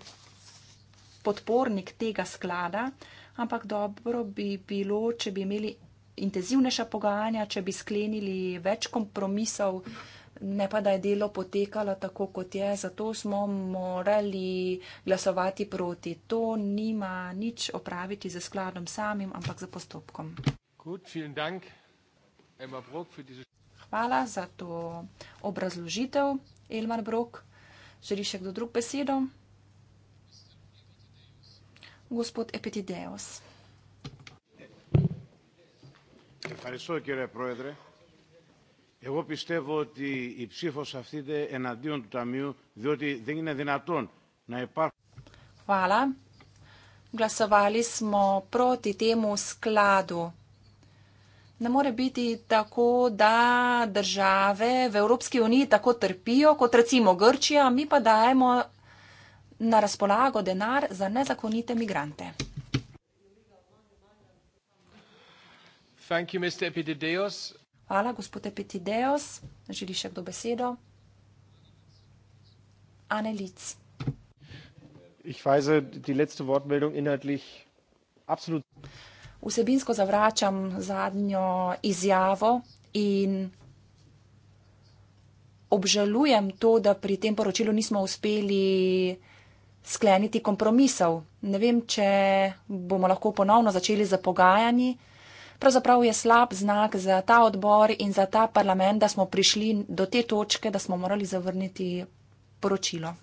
podpornik tega sklada, ampak dobro bi bilo, če bi imeli intenzivnejša pogajanja, če bi sklenili več kompromisov. Uh, ne pa da je delo potekalo tako, kot je, zato smo morali glasovati proti. To nima nič opraviti za skladom samim, ampak za postopkom. Gut, dank, diese... Hvala za to obrazložitev, Elmar Brok. Želi še kdo drug besedo? Gospod Epitideos. Hvala, gospod predsednik. Εγώ πιστεύω ότι η ψήφο αυτή είναι εναντίον του Ταμείου, διότι δεν είναι δυνατόν να υπάρχουν. Βάλα. Γλασοβάλι σμο πρώτη τίμου σκλάδου. Не може бити тако да државе во Европски Унији тако трпио, кој трцимо Грција, ми па даемо на располаго денар за незаконите мигранте. Thank you, Mr. Epididios. Hvala, gospod Epitideos. Želi še kdo besedo? Anne Litz. Vsebinsko zavračam zadnjo izjavo in obžalujem to, da pri tem poročilu nismo uspeli skleniti kompromisov. Ne vem, če bomo lahko ponovno začeli za pogajanji pravzaprav je slab znak za ta odbor in za ta parlament, da smo prišli do te točke, da smo morali zavrniti poročilo.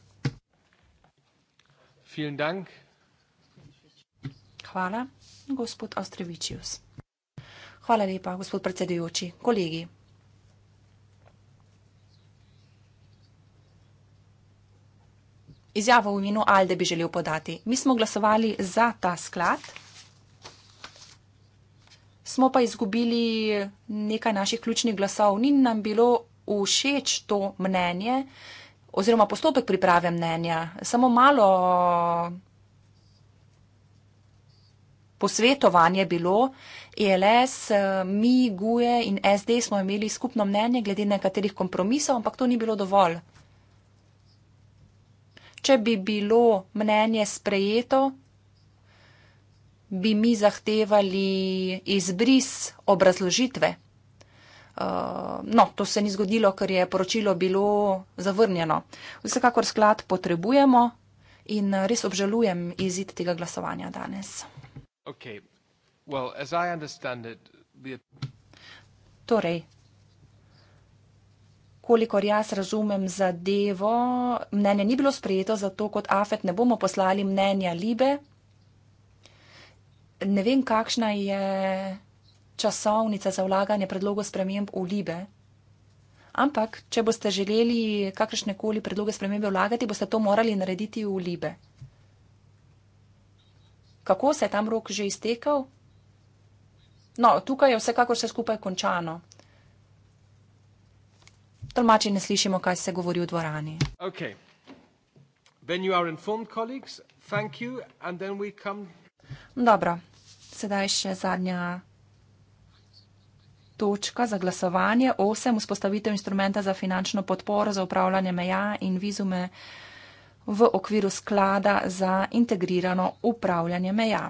Hvala, gospod Ostrevičius. Hvala lepa, gospod predsedujoči, kolegi. Izjavo v imenu Alde bi želel podati. Mi smo glasovali za ta sklad smo pa izgubili nekaj naših ključnih glasov. Ni nam bilo všeč to mnenje oziroma postopek priprave mnenja. Samo malo posvetovanje bilo. ELS, eh, mi, GUE in SD smo imeli skupno mnenje glede nekaterih kompromisov, ampak to ni bilo dovolj. Če bi bilo mnenje sprejeto, bi mi zahtevali izbris obrazložitve. Uh, no, to se ni zgodilo, ker je poročilo bilo zavrnjeno. Vsekakor sklad potrebujemo in res obžalujem izid tega glasovanja danes. Okay. Well, it, the... Torej, kolikor jaz razumem zadevo, mnenje ni bilo sprejeto, zato kot AFET ne bomo poslali mnenja Libe ne vem, kakšna je časovnica za vlaganje predlogov sprememb v Libe. Ampak, če boste želeli kakršne koli predloge spremembe vlagati, boste to morali narediti v Libe. Kako se je tam rok že iztekel? No, tukaj je vsekakor vse skupaj končano. Tolmači ne slišimo, kaj se govori v dvorani. Okay. Dobro. Sedaj še zadnja točka za glasovanje. Osem vzpostavitev instrumenta za finančno podporo za upravljanje meja in vizume v okviru sklada za integrirano upravljanje meja.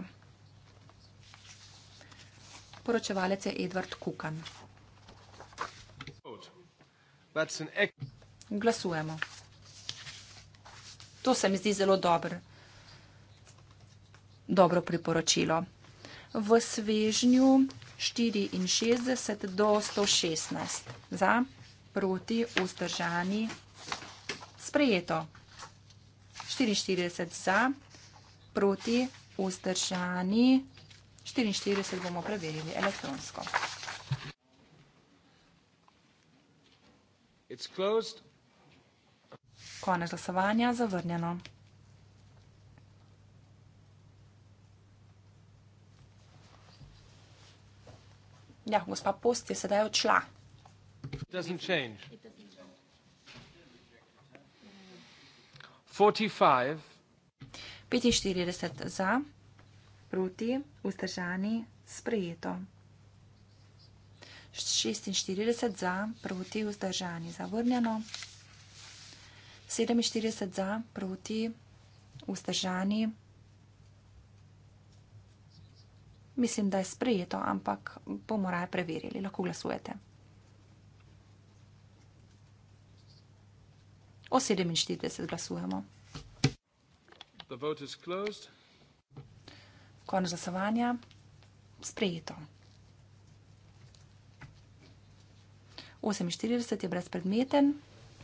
Poročevalec je Edvard Kukan. Glasujemo. To se mi zdi zelo dober, dobro priporočilo v svežnju 64 do 116. Za, proti, vzdržani, sprejeto. 44 za, proti, vzdržani, 44 bomo preverili elektronsko. Konec glasovanja, zavrnjeno. Ja, gospa Post je sedaj odšla. Petinštirideset za, proti, vzdržani, sprejeto. Šestinštirideset za, proti, vzdržani, zavrnjeno. Sedeminštirideset za, proti, vzdržani, zavrnjeno. Mislim, da je sprejeto, ampak bomo raje preverili. Lahko glasujete. O 47 glasujemo. Konec glasovanja. Sprejeto. 48 je brezpredmeten,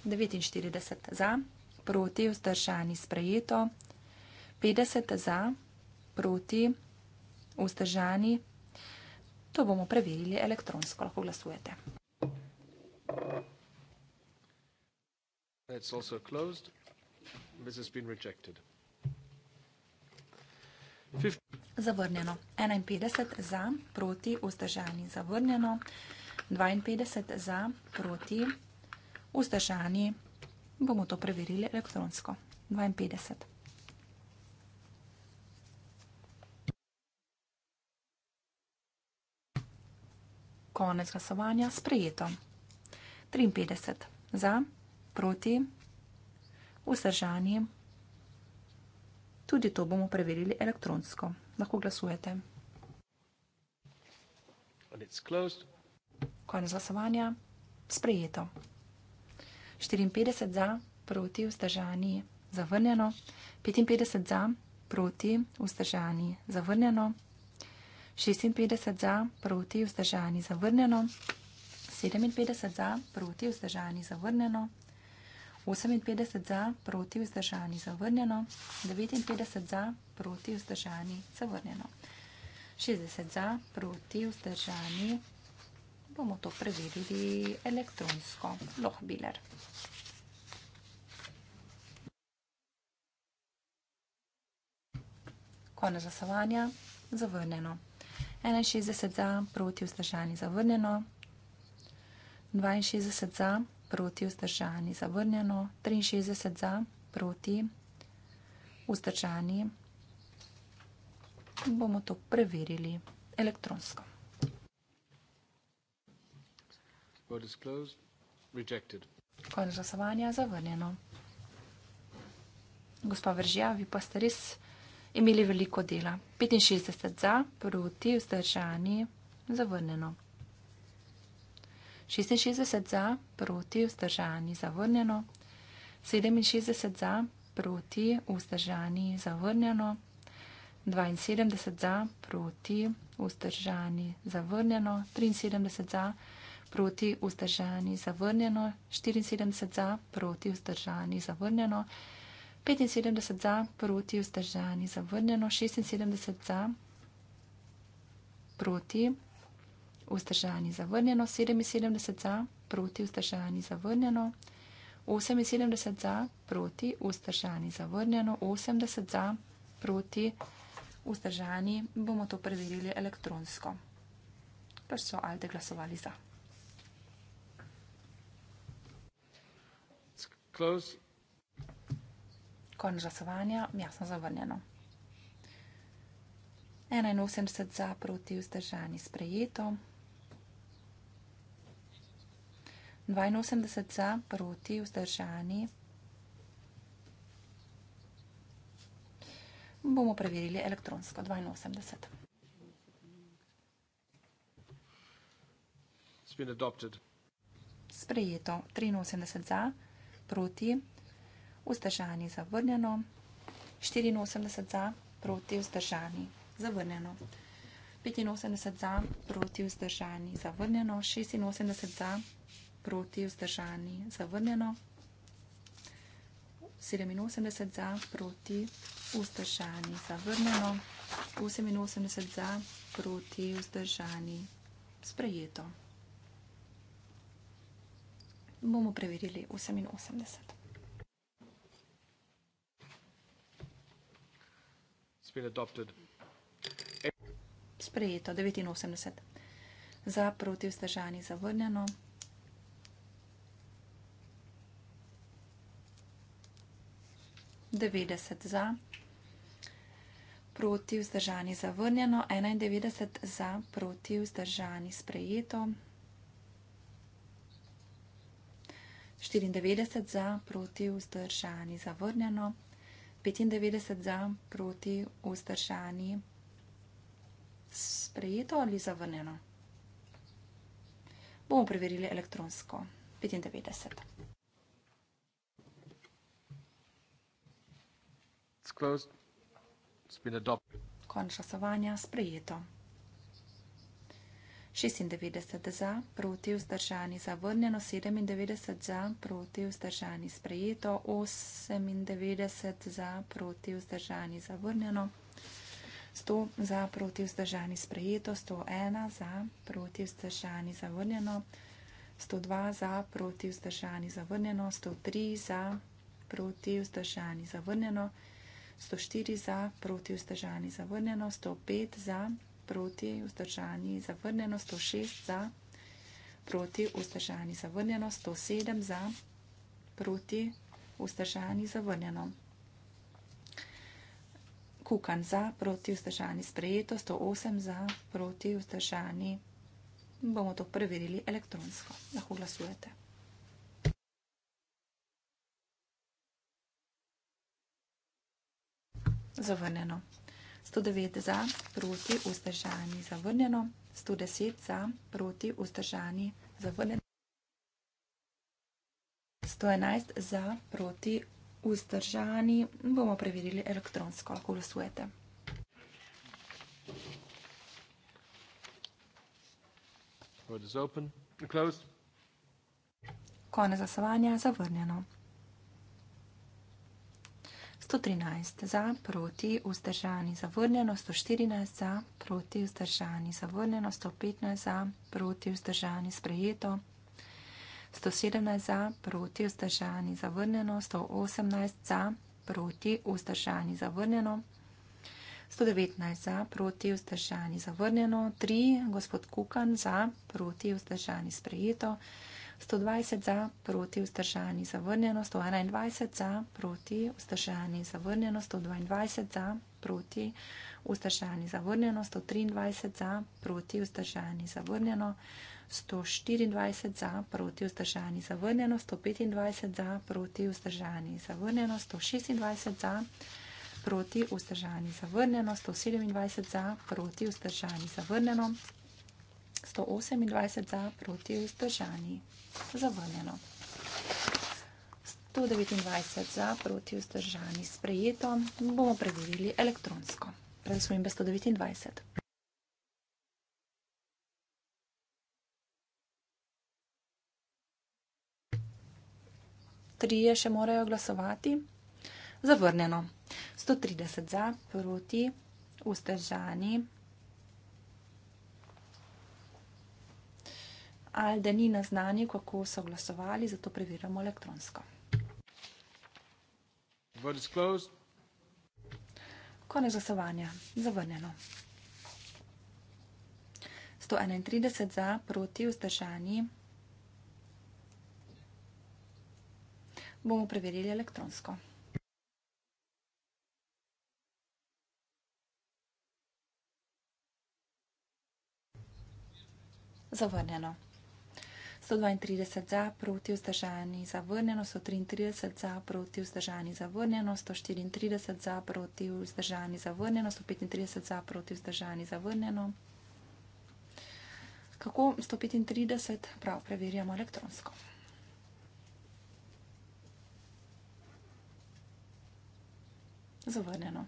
49 za, proti vzdržani sprejeto, 50 za, proti vzdržani sprejeto vzdržani. To bomo preverili elektronsko, lahko glasujete. It's also closed. This has been rejected. Zavrnjeno. 51 za, proti, vzdržani. Zavrnjeno. 52 za, proti, vzdržani. Bomo to preverili elektronsko. 52. konec glasovanja sprejeto. 53 za, proti, vzdržani. Tudi to bomo preverili elektronsko. Lahko glasujete. Konec glasovanja sprejeto. 54 za, proti, vzdržani, zavrnjeno. 55 za, proti, vzdržani, zavrnjeno. 56 za, proti, vzdržani, zavrnjeno. 57 za, proti, vzdržani, zavrnjeno. 58 za, proti, vzdržani, zavrnjeno. 59 za, proti, vzdržani, zavrnjeno. 60 za, proti, vzdržani, bomo to preverili elektronsko. Lohbiler. Konec zasavanja, zavrnjeno. 61 za, proti vzdržani zavrnjeno, 62 za, proti vzdržani zavrnjeno, 63 za, proti vzdržani. Bomo to preverili elektronsko. Konec glasovanja zavrnjeno. Gospa Vržija, vi pa ste res imeli veliko dela. 65 za, proti, vzdržani, zavrnjeno. 66 za, proti, vzdržani, zavrnjeno. 67 za, proti, vzdržani, zavrnjeno. 72 za, proti, vzdržani, zavrnjeno. 73 za, proti, vzdržani, zavrnjeno. 74 za, proti, vzdržani, zavrnjeno. 75 za, proti, vzdržani, zavrnjeno, 76 za, proti, vzdržani, zavrnjeno, 77 za, proti, vzdržani, zavrnjeno, 78 za, proti, vzdržani, zavrnjeno, 80 za, proti, vzdržani, bomo to preverili elektronsko. Ker pač so alde glasovali za. Close. Konec glasovanja, jasno zavrnjeno. 81 za proti vzdržani sprejeto. 82 za proti vzdržani. Bomo preverili elektronsko 82. Sprejeto 83 za proti vzdržani, zavrnjeno, 84 za, proti vzdržani, zavrnjeno, 85 za, proti vzdržani, zavrnjeno, 86 za, proti vzdržani, zavrnjeno, 87 za, proti vzdržani, zavrnjeno, 88 za, proti vzdržani, sprejeto. Bomo preverili 88. Sprejeto 89. Za proti vzdržani zavrnjeno. Za. Proti vzdržani zavrnjeno, 91 za, proti vzdržani sprejeto, 94 za, proti vzdržani zavrnjeno. 95 za, proti, vzdržani. Sprejeto ali zavrnjeno? Bomo preverili elektronsko. 95. Končno glasovanje sprejeto. 96 za, proti vzdržani, zavrnjeno 97 za, proti vzdržani, sprejeto 98 za, proti vzdržani, zavrnjeno 100 za, proti vzdržani, sprejeto 101 za, proti vzdržani, zavrnjeno 102 za, proti vzdržani, zavrnjeno 103 za, proti vzdržani, zavrnjeno 104 za, proti vzdržani, zavrnjeno 105 za, proti, vzdržani, zavrnjeno 106 za, proti, vzdržani, zavrnjeno 107 za, proti, vzdržani, zavrnjeno. Kukan za, proti, vzdržani, sprejeto 108 za, proti, vzdržani. Bomo to preverili elektronsko. Lahko glasujete. Zavrnjeno. 109 za, proti, vzdržani, zavrnjeno. 110 za, proti, vzdržani, zavrnjeno. 111 za, proti, vzdržani. Bomo preverili elektronsko, lahko glasujete. Konec zasavanja, zavrnjeno. 113 za, proti vzdržani zavrnjeno, 114 za, proti vzdržani zavrnjeno, 115 za, proti vzdržani sprejeto, 117 za, proti vzdržani zavrnjeno, 118 za, proti vzdržani zavrnjeno, 119 za, proti vzdržani zavrnjeno, 3 gospod Kukan za, proti vzdržani sprejeto, 120 za, proti vzdržani zavrnjeno, 121 za, proti vzdržani zavrnjeno, 122 za, proti vzdržani zavrnjeno, 123 za, proti vzdržani zavrnjeno, 124 za, proti vzdržani zavrnjeno, 125 za, proti vzdržani zavrnjeno, 126 za, proti vzdržani zavrnjeno, 127 za, proti vzdržani zavrnjeno, 128 za proti vzdržani. Zavrnjeno. 129 za proti vzdržani. Sprejeto. Bomo preverili elektronsko. Predstavljam 129. Trije še morajo glasovati. Zavrnjeno. 130 za proti vzdržani. ali da ni na znanje, kako so glasovali, zato preverjamo elektronsko. Konec glasovanja. Zavrnjeno. 131 za, proti, vzdržani. Bomo preverili elektronsko. Zavrnjeno. 132 za, proti vzdržani, zavrnjeno, 133 za, proti vzdržani, zavrnjeno, 134 za, proti vzdržani, zavrnjeno, 135 za, proti vzdržani, zavrnjeno. Kako 135? Prav, preverjamo elektronsko. Zavrnjeno.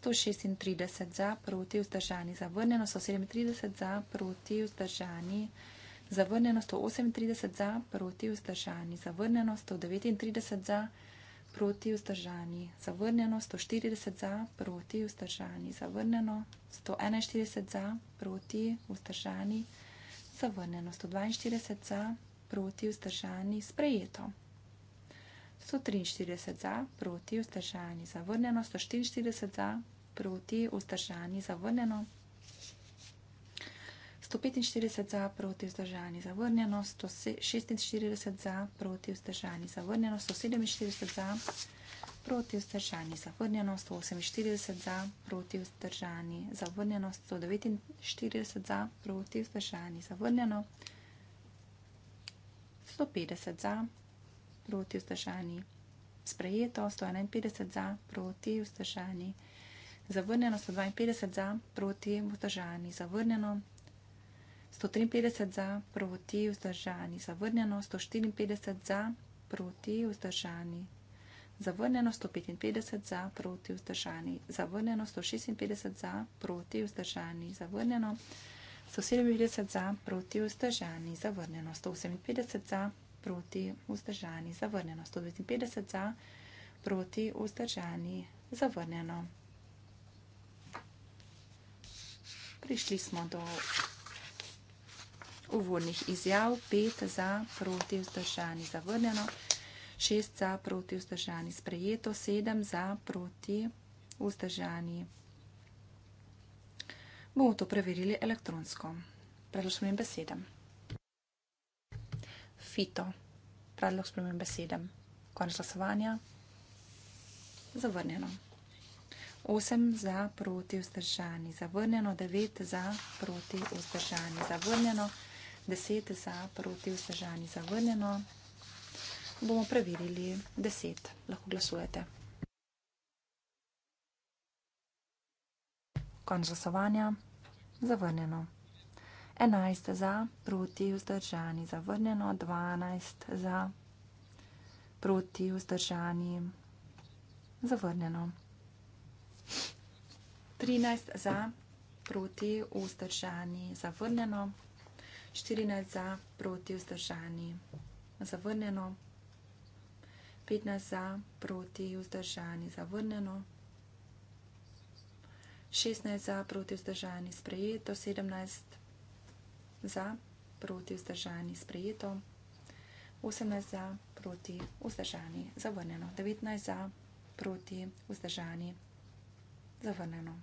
136 za, proti vzdržani, zavrnjeno 137 za, proti vzdržani, zavrnjeno 138 za, proti vzdržani, zavrnjeno 139 za, proti vzdržani, zavrnjeno 140 za, proti vzdržani, zavrnjeno 141 za, proti vzdržani, zavrnjeno 142 za, proti vzdržani, sprejeto. 143 za, proti, vzdržani, zavrnjeno, 144 za, proti, vzdržani, zavrnjeno, 145 za, proti, vzdržani, zavrnjeno, 146 za, proti, vzdržani, zavrnjeno, 147 za, proti, vzdržani, zavrnjeno, 148 za, proti, vzdržani, zavrnjeno, 149 za, proti, vzdržani, zavrnjeno, 150 za, proti, vzdržani, zavrnjeno, proti vzdržani. Sprejeto 151 za, proti vzdržani. Zavrnjeno 152 za, proti vzdržani. Zavrnjeno 153 za, proti vzdržani. Zavrnjeno 154 za, proti vzdržani. Zavrnjeno 155 za, proti vzdržani. Zavrnjeno 156 za, proti vzdržani. Zavrnjeno 157 za, proti vzdržani. Zavrnjeno 158 za, proti, vzdržani, zavrnjeno. 159 za, proti, vzdržani, zavrnjeno. Prišli smo do uvodnih izjav. 5 za, proti, vzdržani, zavrnjeno. 6 za, proti, vzdržani, sprejeto. 7 za, proti, vzdržani. Bomo to preverili elektronsko. Predlagam besedem fito. Predlog spremem besedem. Konec glasovanja. Zavrnjeno. 8 za, proti, vzdržani, zavrnjeno, 9 za, proti, vzdržani, zavrnjeno, 10 za, proti, vzdržani, zavrnjeno. Bomo preverili 10, lahko glasujete. Konč glasovanja, zavrnjeno. 11 za, proti, vzdržani, zavrnjeno, 12 za, proti, vzdržani, zavrnjeno. 13 za, proti, vzdržani, zavrnjeno, 14 za, proti, vzdržani, zavrnjeno, 15 za, proti, vzdržani, zavrnjeno, 16 za, proti, vzdržani, sprejeto, 17 za, proti vzdržani sprejeto, 18 za, proti vzdržani zavrnjeno, 19 za, proti vzdržani zavrnjeno.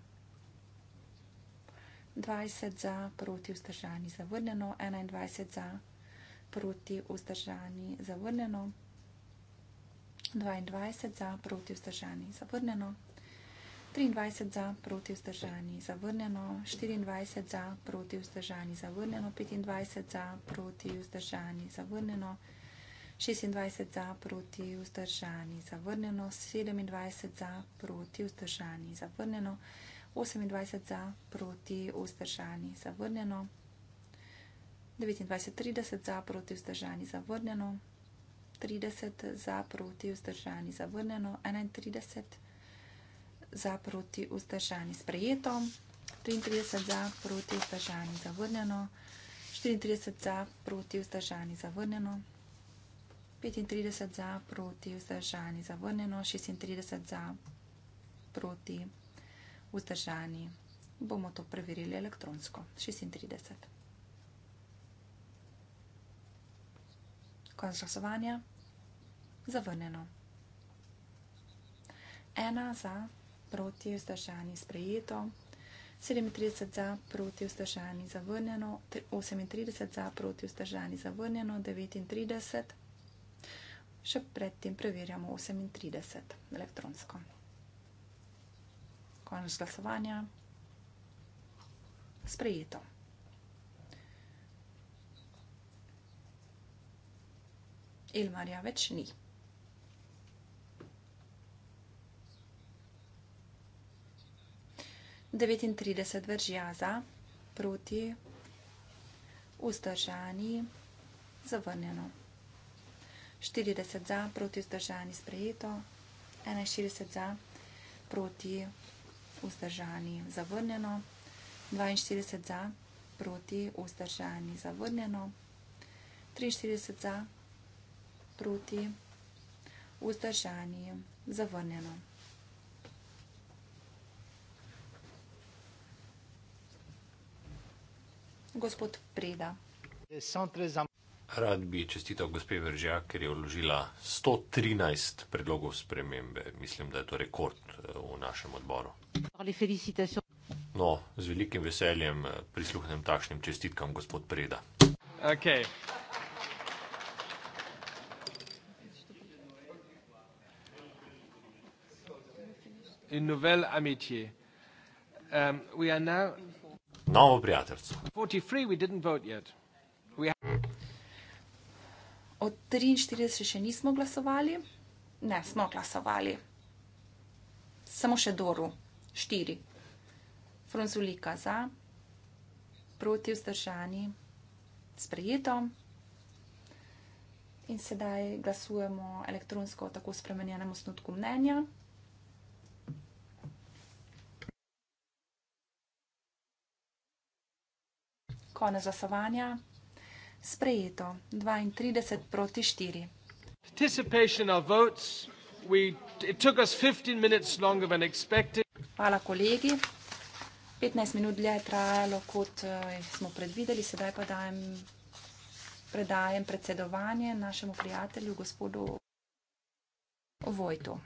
20 za, proti vzdržani zavrnjeno, 21 za, proti vzdržani zavrnjeno, 22 za, proti vzdržani zavrnjeno, 23 za, proti vzdržani, zavrnjeno, 24 za, proti vzdržani, zavrnjeno, 25 za, proti vzdržani, zavrnjeno, 26 za, proti vzdržani, zavrnjeno, 27 za, proti vzdržani, zavrnjeno, 28 za, proti vzdržani, zavrnjeno, 29, 30 za, proti vzdržani, zavrnjeno, 30 za, proti vzdržani, zavrnjeno, 31 za, za proti vzdržani sprejeto, 33 za proti vzdržani zavrnjeno, 34 za proti vzdržani zavrnjeno, 35 za proti vzdržani zavrnjeno, 36 za proti vzdržani. Bomo to preverili elektronsko. 36. Konc glasovanja. Zavrnjeno. Ena za proti vzdržani sprejeto, 37 za proti vzdržani zavrnjeno, 38 za proti vzdržani zavrnjeno, 39. Še predtem preverjamo 38 elektronsko. Konec glasovanja. Sprejeto. Ilmarja več ni. 39 vržjaza proti vzdržani zavrnjeno. 40 za proti vzdržani sprejeto. 61 za proti vzdržani zavrnjeno. 42 za proti vzdržani zavrnjeno. 43 za proti vzdržani zavrnjeno. 43 za proti vzdržani zavrnjeno. gospod Preda. Rad bi čestital gospe Veržja, ker je vložila 113 predlogov spremembe. Mislim, da je to rekord eh, v našem odboru. No, z velikim veseljem eh, prisluhnem takšnim čestitkam, gospod Preda. Okay. In novel amitije. Euh, um, we are now novo prijateljstvo. Od 43 še nismo glasovali, ne, smo glasovali. Samo še Doru, štiri. Fronzulika za, proti vzdržani, sprejeto. In sedaj glasujemo elektronsko o tako spremenjenem osnutku mnenja. Konec glasovanja. Sprejeto. 32 proti 4. Participation of votes. We, it took us 15 minutes longer than expected. Hvala kolegi. 15 minut dlje je trajalo, kot eh, smo predvideli. Sedaj pa dajem, predajem predsedovanje našemu prijatelju, gospodu Vojtu.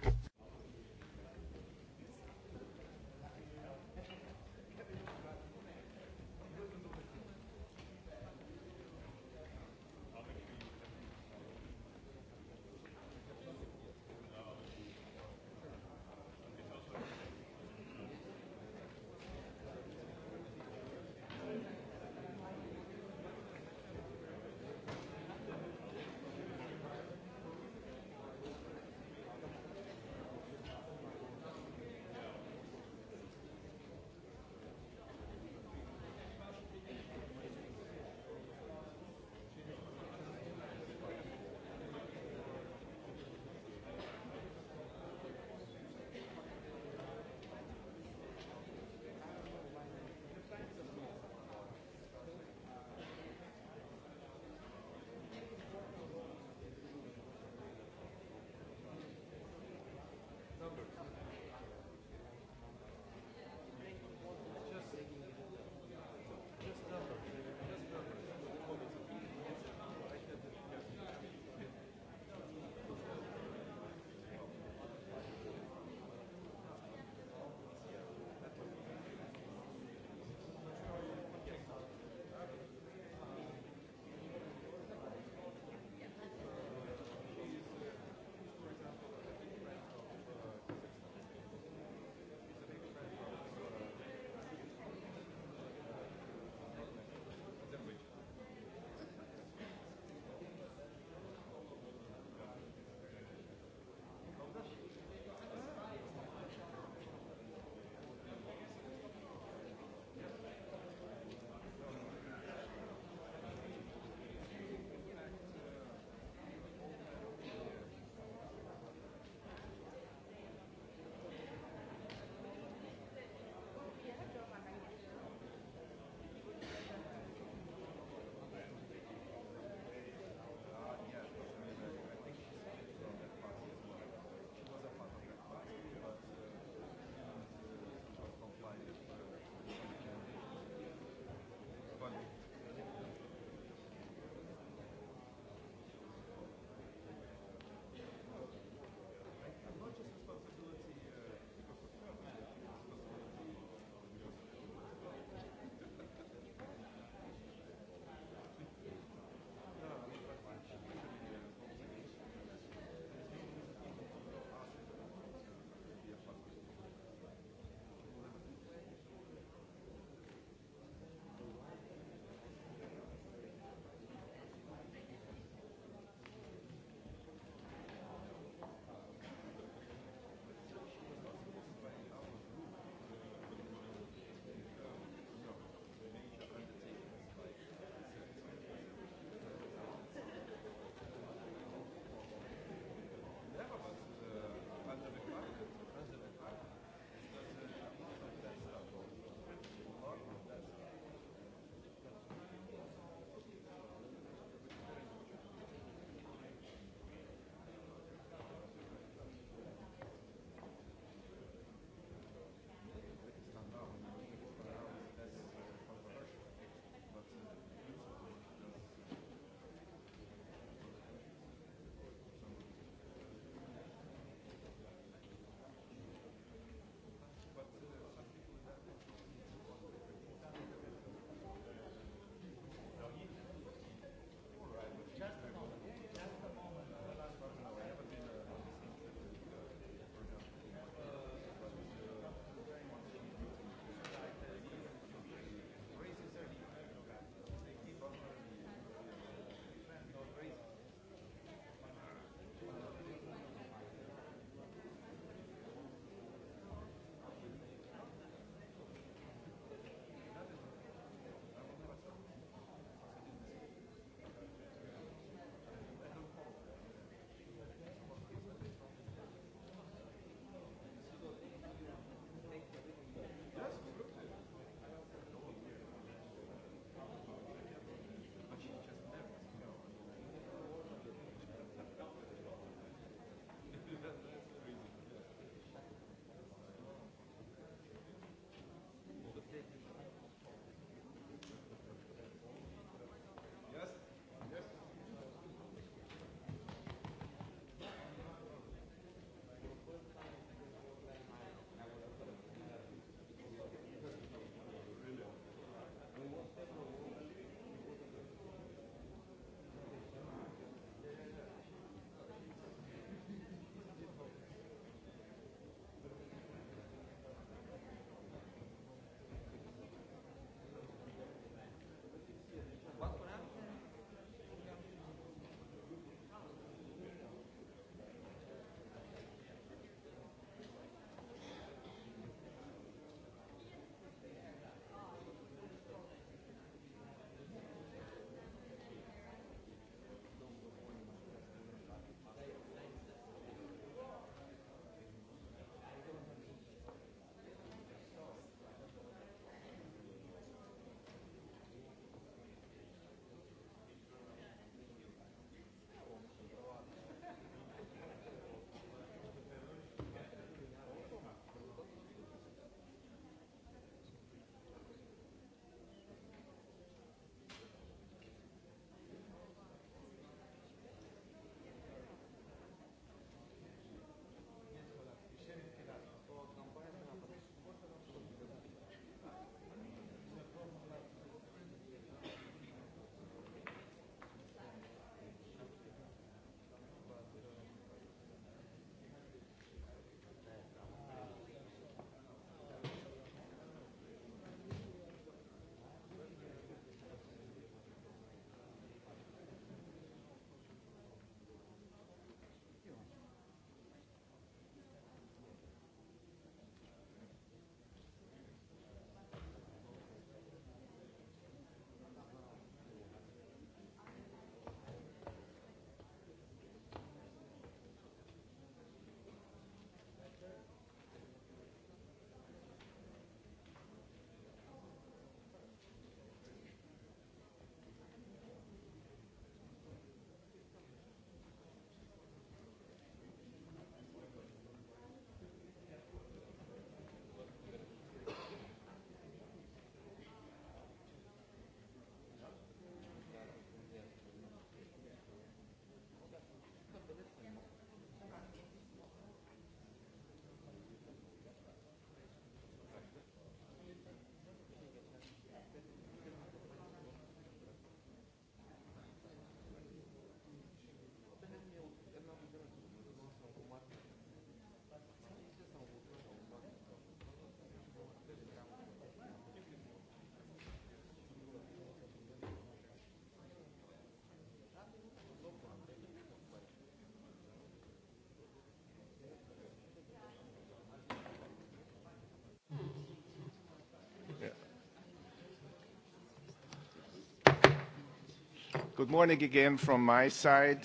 Good morning again from my side.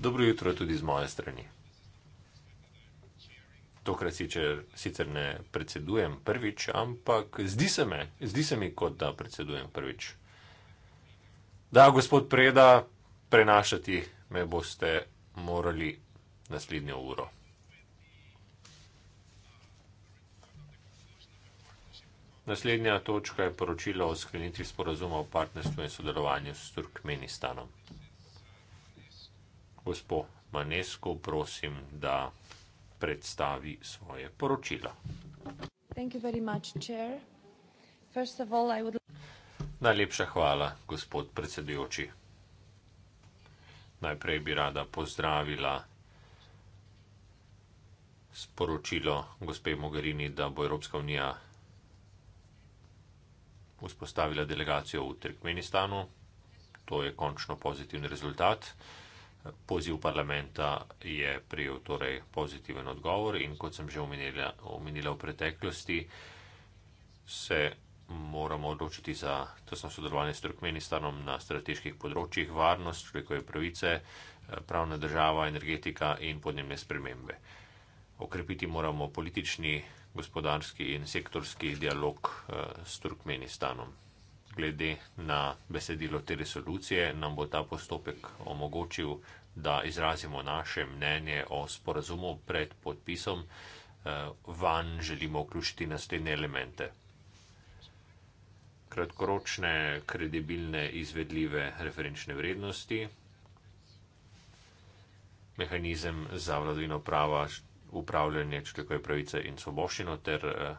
Dobro jutro tudi z moje strani. Tokrat sicer ne predsedujem prvič, ampak zdi se mi, zdi se mi, kot da predsedujem prvič. Da, gospod Preda, prenašati me boste morali naslednjo uro. Naslednja točka je poročilo o sklenitvi sporazuma o partnerstvu in sodelovanju s Turkmenistanom. Gospod Manesko, prosim, da predstavi svoje poročilo. Najlepša hvala, gospod predsedujoči. Najprej bi rada pozdravila sporočilo gospe Mogherini, da bo Evropska unija vzpostavila delegacijo v Turkmenistanu. To je končno pozitiven rezultat. Poziv parlamenta je prijel torej pozitiven odgovor in kot sem že omenila, omenila v preteklosti, se moramo odločiti za tesno sodelovanje s Turkmenistanom na strateških področjih varnost, človekove pravice, pravna država, energetika in podnebne spremembe. Okrepiti moramo politični gospodarski in sektorski dialog eh, s Turkmenistanom. Glede na besedilo te resolucije nam bo ta postopek omogočil, da izrazimo naše mnenje o sporazumu pred podpisom. Eh, Van želimo vključiti naslednje elemente. Kratkoročne, kredibilne, izvedljive referenčne vrednosti, mehanizem za vladavino prava upravljanje človekove pravice in svoboščino ter eh,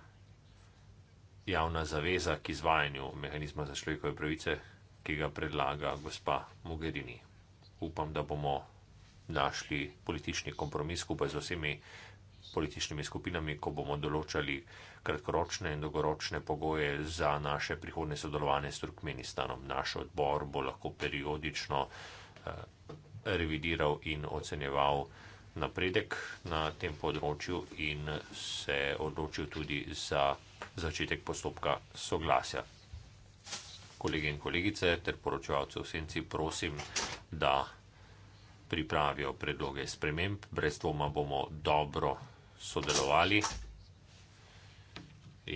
javna zaveza k izvajanju mehanizma za človekove pravice, ki ga predlaga gospa Mogherini. Upam, da bomo našli politični kompromis skupaj z vsemi političnimi skupinami, ko bomo določali kratkoročne in dolgoročne pogoje za naše prihodne sodelovanje s Turkmenistanom. Naš odbor bo lahko periodično eh, revidiral in ocenjeval eh, napredek na tem področju in se odločil tudi za začetek postopka soglasja. Kolegi in kolegice ter poročevalce v senci prosim, da pripravijo predloge sprememb. Brez dvoma bomo dobro sodelovali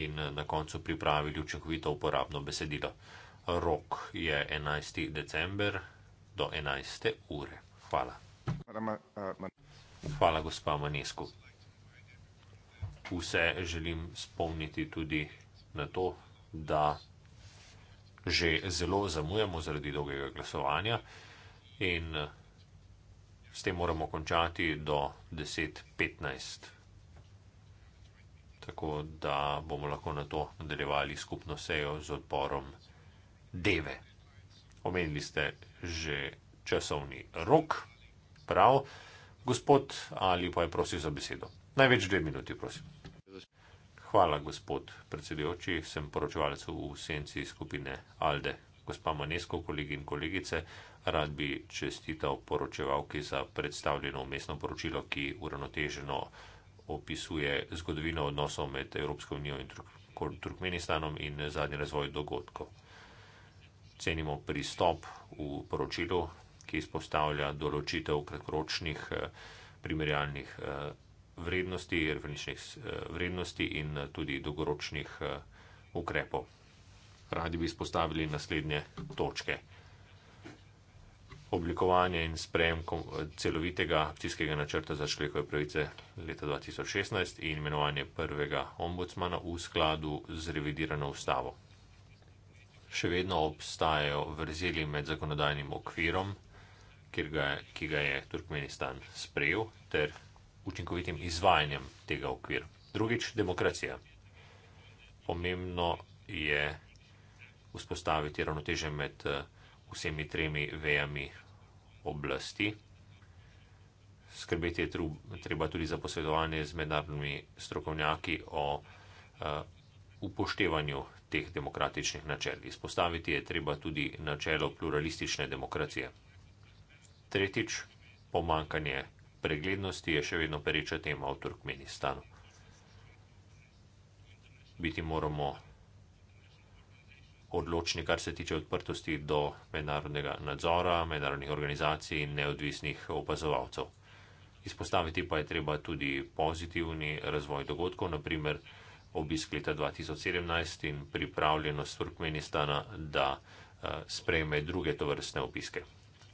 in na koncu pripravili učinkovito uporabno besedilo. Rok je 11. december do 11. ure. Hvala. Madame, uh, madame. Hvala, gospa Manesku. Vse želim spomniti tudi na to, da že zelo zamujamo zaradi dolgega glasovanja in eh, s tem moramo končati do 10.15. Tako da bomo lahko na to nadaljevali skupno sejo z odporom Deve. Omenili ste že časovni rok. Prav. Gospod ali pa je prosil za besedo. Največ dve minuti, prosim. Hvala, gospod predsedujoči. Sem poročevalec v senci skupine Alde. Gospa Manesko, kolegi in kolegice, rad bi čestital poročevalki za predstavljeno umestno poročilo, ki uravnoteženo opisuje zgodovino odnosov med Evropsko unijo in Turkmenistanom in zadnji razvoj dogodkov. Cenimo pristop v poročilu, ki izpostavlja določitev kratkoročnih eh, primerjalnih eh, vrednosti, referenčnih eh, vrednosti in tudi dolgoročnih ukrepov. Radi bi izpostavili naslednje točke. Oblikovanje in sprejem celovitega akcijskega načrta za človekove pravice leta 2016 in imenovanje prvega ombudsmana v skladu z revidirano ustavo. Še vedno obstajajo vrzeli med zakonodajnim okvirom, ga, ki ga je Turkmenistan sprejel, ter učinkovitim izvajanjem tega okvira. Drugič, demokracija. Pomembno je vzpostaviti ravnoteže med eh, vsemi tremi vejami oblasti. Skrbeti je treba tudi za posvetovanje z mednarodnimi strokovnjaki o uh, upoštevanju teh demokratičnih načel. Izpostaviti je treba tudi načelo pluralistične demokracije. Tretjič, pomankanje preglednosti je še vedno pereča tema v Turkmenistanu. Biti moramo odločni, kar se tiče odprtosti do mednarodnega nadzora, mednarodnih organizacij in neodvisnih opazovalcev. Izpostaviti pa je treba tudi pozitivni razvoj dogodkov, naprimer obisk leta 2017 in pripravljenost Turkmenistana, da eh, sprejme druge tovrstne obiske.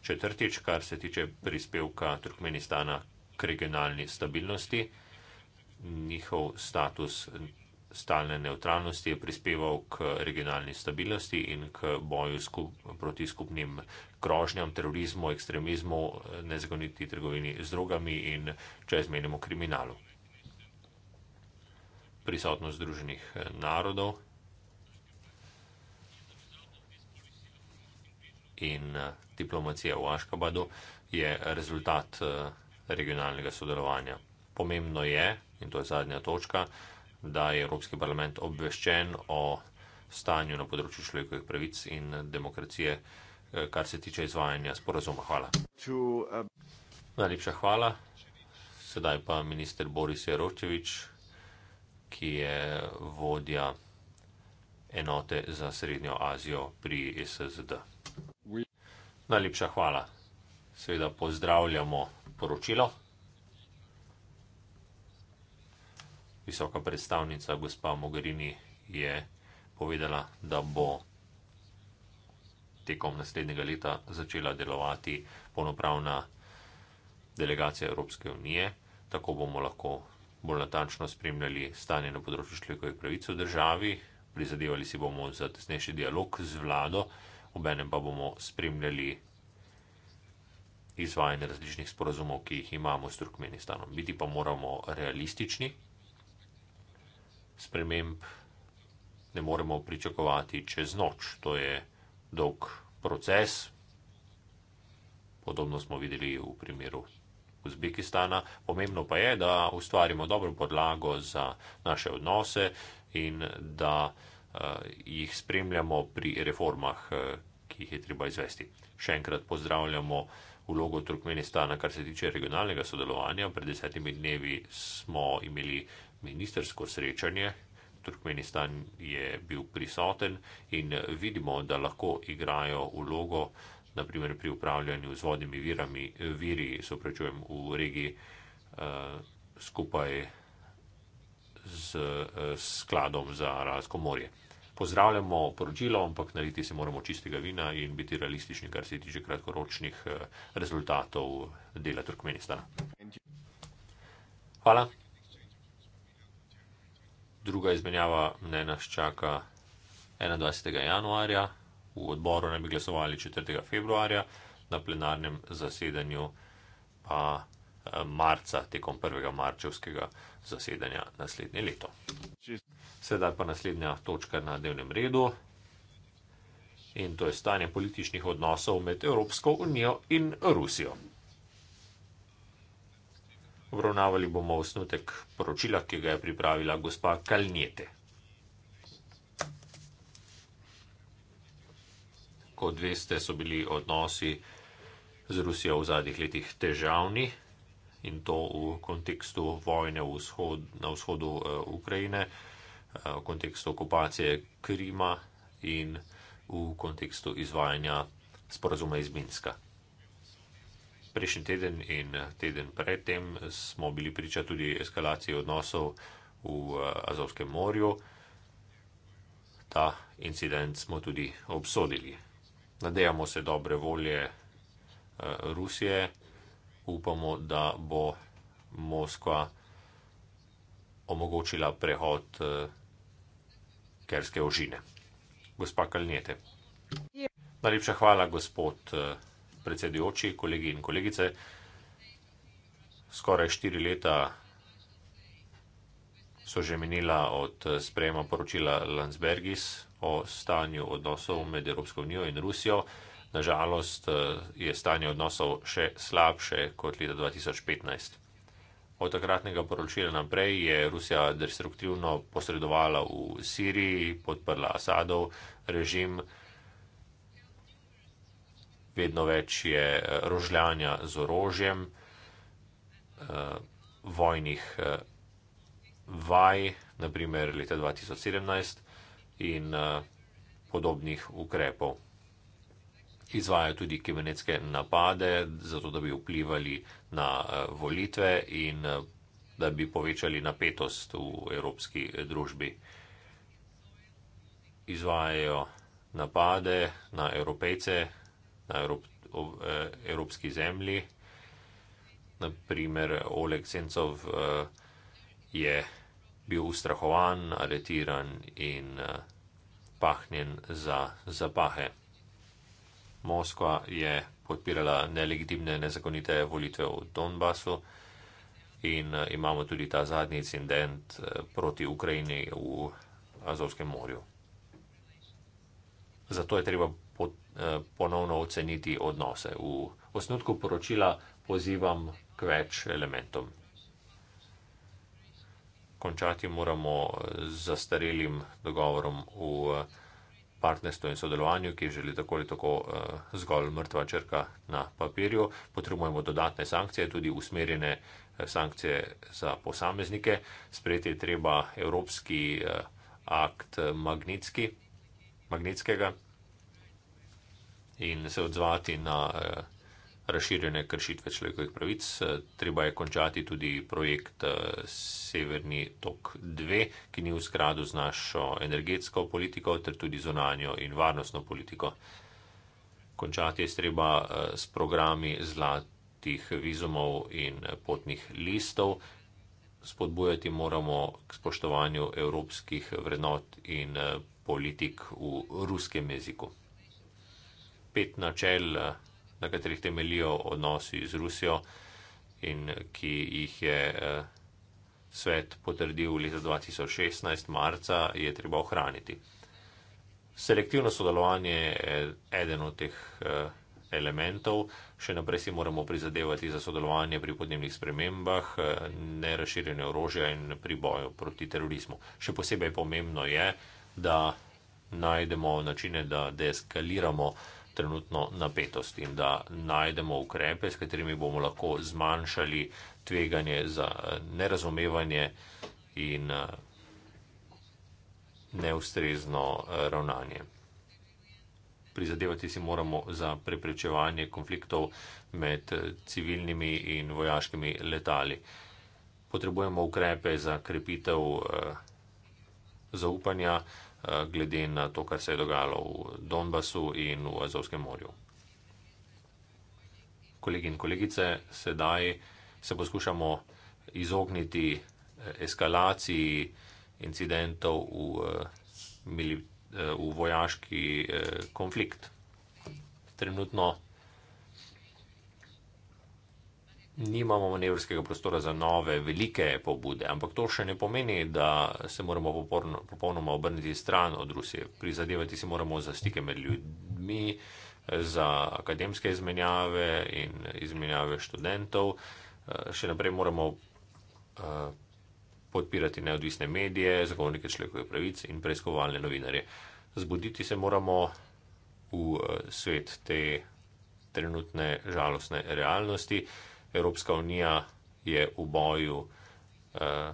Četrtič, kar se tiče prispevka Turkmenistana k regionalni stabilnosti, njihov status stalne neutralnosti je prispeval k regionalni stabilnosti in k boju skup, proti skupnim grožnjam, terorizmu, ekstremizmu, nezakoniti trgovini z drogami in čezmenjemu kriminalu. Prisotnost Združenih narodov in diplomacije v Aškabadu, je rezultat eh, regionalnega sodelovanja. Pomembno je, in to je zadnja točka, da je Evropski parlament obveščen o stanju na področju človekovih pravic in demokracije, eh, kar se tiče izvajanja sporozuma. Hvala. Eh, Najlepša hvala. Sedaj pa minister Boris Jerovčevič, ki je vodja enote za Srednjo Azijo pri SSD. We Najlepša hvala. Seveda pozdravljamo poročilo. Visoka predstavnica gospa Mogherini je povedala, da bo tekom naslednjega leta začela delovati polnopravna delegacija Evropske unije. Tako bomo lahko bolj natančno spremljali stanje na področju človekovih pravic v državi. Prizadevali si bomo za tesnejši dialog z vlado obenem pa bomo spremljali izvajanje različnih sporazumov, ki jih imamo s Turkmenistanom. Biti pa moramo realistični, sprememb ne moremo pričakovati čez noč, to je dolg proces. Podobno smo videli v primeru Uzbekistana. Pomembno pa je, da ustvarimo dobro podlago za naše odnose in da Eh, jih spremljamo pri reformah, eh, ki jih je treba izvesti. Še enkrat pozdravljamo vlogo Turkmenistana, kar se tiče regionalnega sodelovanja. Pred desetimi dnevi smo imeli ministersko srečanje. Turkmenistan je bil prisoten in eh, vidimo, da lahko igrajo vlogo, naprimer pri upravljanju z vodnimi virami, viri, soprečujem, v regiji eh, skupaj z eh, skladom za Aralsko morje. Pozdravljamo poročilo, ampak naliti se moramo čistega vina in biti realistični, kar se tiče kratkoročnih eh, rezultatov dela Turkmenistana. Hvala. Druga izmenjava ne nas čaka 21. januarja, v odboru naj bi glasovali 4. februarja, na plenarnem zasedanju pa eh, marca, tekom 1. marčevskega zasedanja naslednje leto. Sedaj pa naslednja točka na dnevnem redu in to je stanje političnih odnosov med Evropsko unijo in Rusijo. Obravnavali bomo osnutek poročila, ki ga je pripravila gospa Kalnjete. Kot veste, so bili odnosi z Rusijo v zadnjih letih težavni, in to v kontekstu vojne v vzhod, na vzhodu uh, Ukrajine, uh, v kontekstu okupacije Krima in v kontekstu izvajanja sporazuma iz Minska. Prejšnji teden in teden predtem smo bili priča tudi eskalaciji odnosov v eh, Azovskem morju. Ta incident smo tudi obsodili. Nadejamo se dobre volje Rusije, upamo, da bo Moskva omogočila prehod eh, kerske ožine. Gospa Kalnjete. Najlepša hvala, gospod eh, predsedujoči, kolegi in kolegice. Skoraj štiri leta so že minila od eh, sprejema poročila Landsbergis o stanju odnosov med Evropsko unijo in Rusijo. Nažalost eh, je stanje odnosov še slabše kot leta 2015. Od takratnega poročila naprej je Rusija destruktivno posredovala v Siriji, podprla Asadov režim, vedno več je eh, rožljanja z orožjem, eh, vojnih vaj, naprimer leta 2017 in podobnih ukrepov izvajajo tudi kibernetske napade, zato da bi vplivali na eh, volitve in eh, da bi povečali napetost v evropski eh, družbi. Izvajajo napade na evropejce, na evropski zemlji. Naprimer, Oleg Sencov je bil ustrahovan, aretiran in pahnjen za zapahe. Moskva je podpirala nelegitimne, nezakonite volitve v Donbasu in eh, imamo tudi ta zadnji incident eh, proti Ukrajini v Azovskem morju. Zato je treba eh, ponovno oceniti odnose. V osnutku poročila pozivam k več elementom. Končati moramo z zastarelim dogovorom v Ukrajini partnerstvu in sodelovanju, ki želi tako ali tako eh, zgolj mrtva črka na papirju. Potrebujemo dodatne sankcije, tudi usmerjene eh, sankcije za posameznike. Sprejeti je treba evropski eh, akt Magnitski, Magnitskega in se odzvati na razširjene kršitve človekovih pravic. Eh, treba je končati tudi projekt eh, Severni tok 2, ki ni v skladu z našo energetsko politiko, ter tudi zonanjo in varnostno politiko. Končati je treba eh, s programi zlatih vizumov in potnih listov. Spodbujati moramo k spoštovanju evropskih vrednot in politik v ruskem jeziku. Pet načel na katerih temelijo odnosi z Rusijo in ki jih je eh, svet potrdil leta 2016, marca, je treba ohraniti. Selektivno sodelovanje je eden od teh eh, elementov. Še naprej si moramo prizadevati za sodelovanje pri podnebnih spremembah, eh, neraširjenje orožja in pri boju proti terorizmu. Še posebej pomembno je, da najdemo načine, da deeskaliramo de trenutno napetost in da najdemo ukrepe, s katerimi bomo lahko zmanjšali tveganje za eh, nerazumevanje in eh, neustrezno eh, ravnanje. Prizadevati si moramo za preprečevanje konfliktov med civilnimi in vojaškimi letali. Potrebujemo ukrepe za krepitev zaupanja, Eh, glede na to, kar se je dogajalo v Donbasu in v Azovskem morju. Kolegi in kolegice, sedaj se poskušamo izogniti eh, eskalaciji incidentov v, eh, v vojaški konflikt. Trenutno nimamo manevrskega prostora za nove velike pobude, ampak to še ne pomeni, da se moramo popolnoma obrniti stran od Rusije. Prizadevati si moramo za stike med ljudmi, za akademske izmenjave in izmenjave študentov. Eh, še naprej moramo eh, podpirati neodvisne medije, zagovornike človekovih pravic in preiskovalne novinarje. Zbuditi se moramo v eh, svet te trenutne žalostne realnosti. Evropska unija je v boju, eh,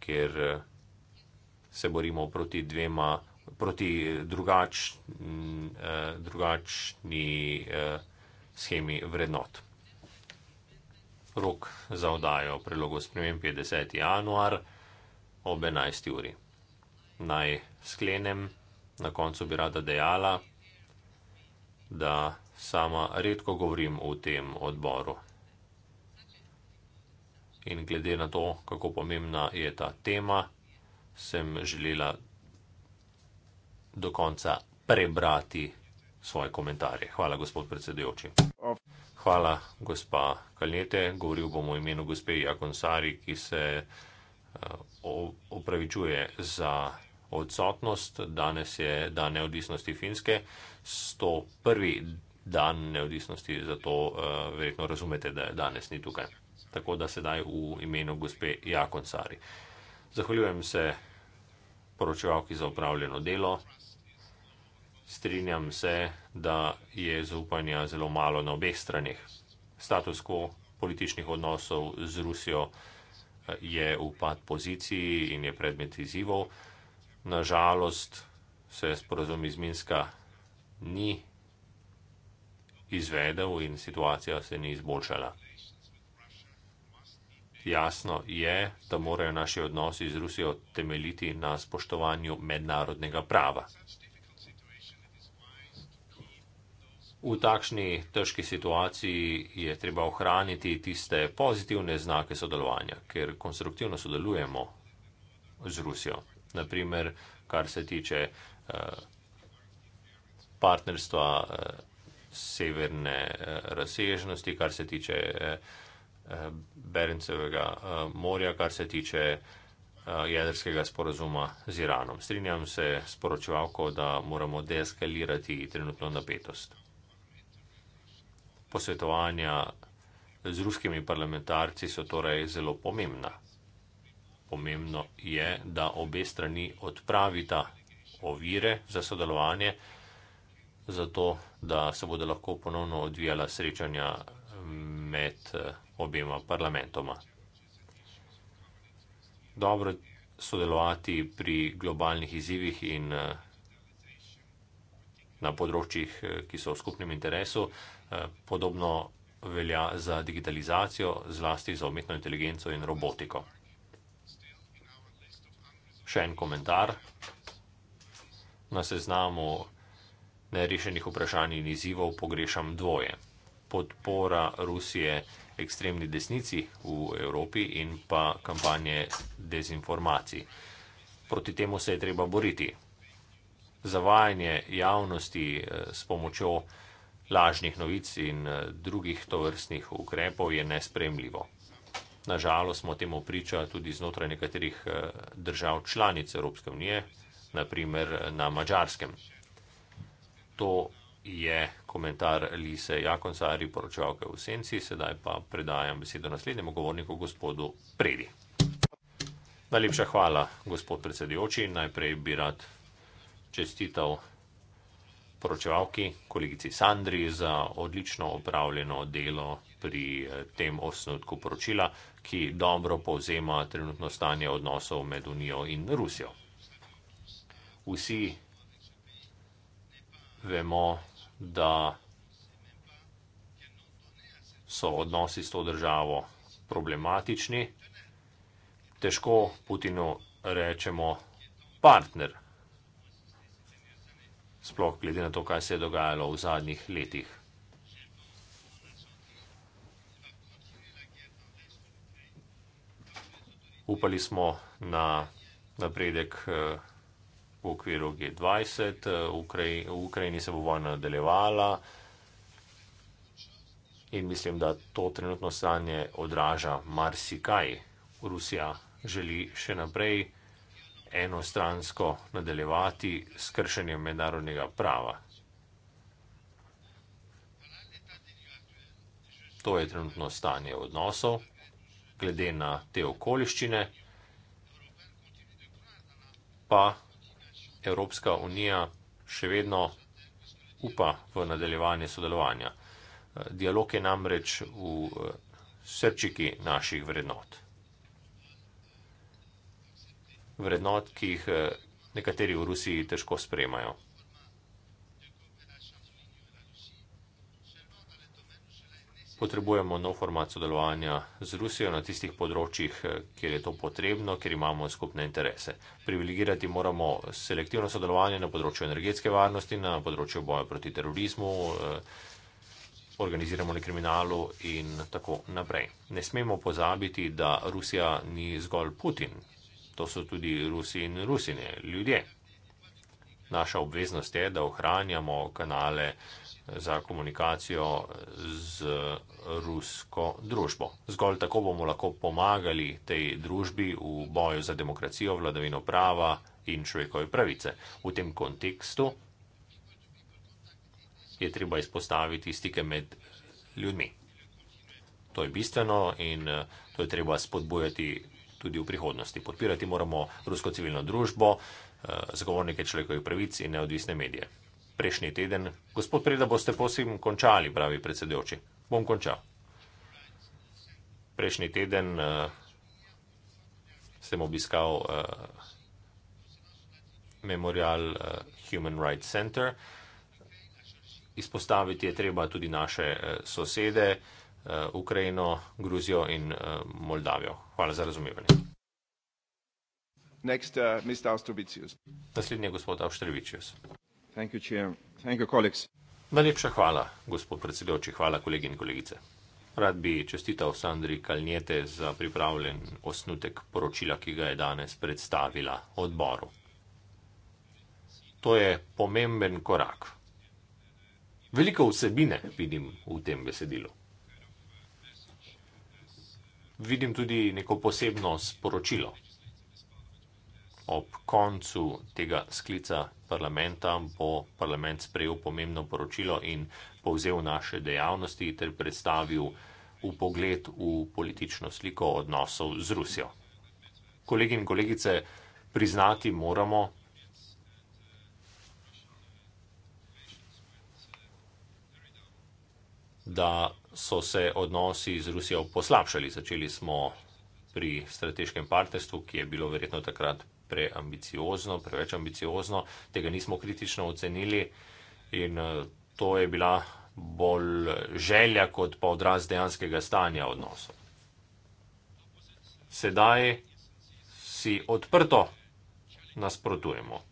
ker eh, se borimo proti dvema, proti drugač, mm, eh, drugačni eh, schemi vrednot. Rok za odajo prelogo sprememb je 10. januar ob 11. uri. Naj sklenem, na koncu bi rada dejala, da sama redko govorim o tem odboru. In glede na to, kako pomembna je ta tema, sem želela do konca prebrati svoje komentarje. Hvala, gospod predsedujoči. Hvala, gospa Kaljete. Govoril bom o imenu gospe Jakonsari, ki se eh, opravičuje za odsotnost. Danes je dan neodvisnosti Finske. 101. dan neodvisnosti, zato eh, verjetno razumete, da je danes ni tukaj tako da sedaj v imenu gospe Jakoncari. Zahvaljujem se poročevalki za upravljeno delo. Strinjam se, da je zaupanja zelo malo na obeh stranih. Status quo političnih odnosov z Rusijo eh, je upad poziciji in je predmet izzivov. Nažalost se sporozum iz Minska ni izvedel in situacija se ni izboljšala jasno je, da morajo naši odnosi z Rusijo temeljiti na spoštovanju mednarodnega prava. V takšni težki situaciji je treba ohraniti tiste pozitivne znake sodelovanja, ker konstruktivno sodelujemo z Rusijo. Naprimer, kar se tiče eh, partnerstva eh, severne eh, razsežnosti, kar se tiče eh, Eh, Berencevega eh, morja, kar se tiče eh, jedrskega sporazuma z Iranom. Strinjam se s poročevalko, da moramo deeskalirati trenutno napetost. Posvetovanja z ruskimi parlamentarci so torej zelo pomembna. Pomembno je, da obe strani odpravita ovire za sodelovanje, zato da se bodo lahko ponovno odvijala srečanja med eh, obima parlamentoma. Dobro sodelovati pri globalnih izzivih in eh, na področjih, eh, ki so v skupnem interesu. Podobno velja za digitalizacijo, zlasti za umetno inteligenco in robotiko. Še en komentar. Na seznamu nerešenih vprašanj in izzivov pogrešam dvoje podpora Rusije ekstremni desnici v Evropi in pa kampanje dezinformacij. Proti temu se je treba boriti. Zavajanje javnosti eh, s pomočjo lažnih novic in eh, drugih tovrstnih ukrepov je nespremljivo. Nažalost smo temu priča tudi znotraj nekaterih eh, držav članic Evropske unije, naprimer na Mačarskem. To je komentar Lise Jakonsari, poročevalke v Senci. Sedaj pa predajam besedo naslednjemu govorniku, gospodu Predi. Najlepša hvala, gospod predsedujoči. Najprej bi rad čestital poročevalki, kolegici Sandri, za odlično opravljeno delo pri eh, tem osnutku poročila, ki dobro povzema trenutno stanje odnosov med Unijo in Rusijo. Vsi vemo, da so odnosi s to državo problematični. Težko Putinu rečemo partner, sploh glede na to, kaj se je dogajalo v zadnjih letih. Upali smo na napredek. Uh, v okviru G20, eh, v Ukraji, Ukrajini se bo vojna nadaljevala in mislim, da to trenutno stanje odraža marsikaj. Rusija želi še naprej enostransko nadaljevati s kršenjem mednarodnega prava. To je trenutno stanje odnosov. Glede na te okoliščine, pa Evropska unija še vedno upa v nadaljevanje sodelovanja. Eh, dialog je namreč v eh, srčiki naših vrednot. Vrednot, ki jih eh, nekateri v Rusiji težko spremajo. potrebujemo nov format sodelovanja z Rusijo na tistih področjih, eh, kjer je to potrebno, kjer imamo skupne interese. Privilegirati moramo selektivno sodelovanje na področju energetske varnosti, na področju boja proti terorizmu, eh, organiziranemu kriminalu in tako naprej. Ne smemo pozabiti, da Rusija ni zgolj Putin, to so tudi Rusi in Rusine, ljudje. Naša obveznost je, da ohranjamo kanale, za komunikacijo z rusko družbo. Zgolj tako bomo lahko pomagali tej družbi v boju za demokracijo, vladavino prava in človekove pravice. V tem kontekstu je treba izpostaviti stike med ljudmi. To je bistveno in eh, to je treba spodbujati tudi v prihodnosti. Podpirati moramo rusko civilno družbo, eh, zagovornike človekovih pravic in neodvisne medije prejšnji teden. Gospod Preda, boste posim končali, pravi predsedujoči. Bom končal. Prejšnji teden uh, sem obiskal uh, Memorial uh, Human Rights Center. Izpostaviti je treba tudi naše uh, sosede, uh, Ukrajino, Gruzijo in uh, Moldavijo. Hvala za razumevanje. Next, uh, Mr. Naslednji je gospod Avštrevičius. Thank you, Thank you, Najlepša hvala, gospod predsedujoči, hvala kolegi in kolegice. Rad bi čestital Sandri Kalnjete za pripravljen osnutek poročila, ki ga je danes predstavila odboru. To je pomemben korak. Veliko vsebine vidim v tem besedilu. Vidim tudi neko posebno sporočilo ob koncu tega sklica parlamenta bo parlament sprejel pomembno poročilo in povzel naše dejavnosti ter predstavil v pogled v politično sliko odnosov z Rusijo. Kolegi in kolegice, priznati moramo, da so se odnosi z Rusijo poslabšali. Začeli smo pri strateškem partnerstvu, ki je bilo verjetno takrat preambiciozno, preveč ambiciozno, tega nismo kritično ocenili in eh, to je bila bolj želja kot pa odraz dejanskega stanja odnosov. Sedaj si odprto nasprotujemo.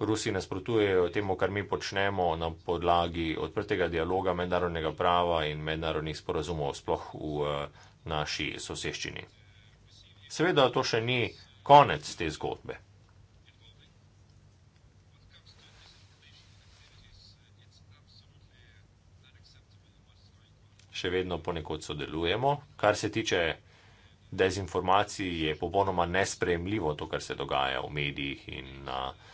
Rusi nasprotujejo temu, kar mi počnemo na podlagi odprtega dialoga mednarodnega prava in mednarodnih sporazumov, sploh v eh, naši soseščini. Seveda to še ni konec te zgodbe. Še vedno ponekod sodelujemo. Kar se tiče dezinformacij, je popolnoma nespremljivo to, kar se dogaja v medijih in na uh,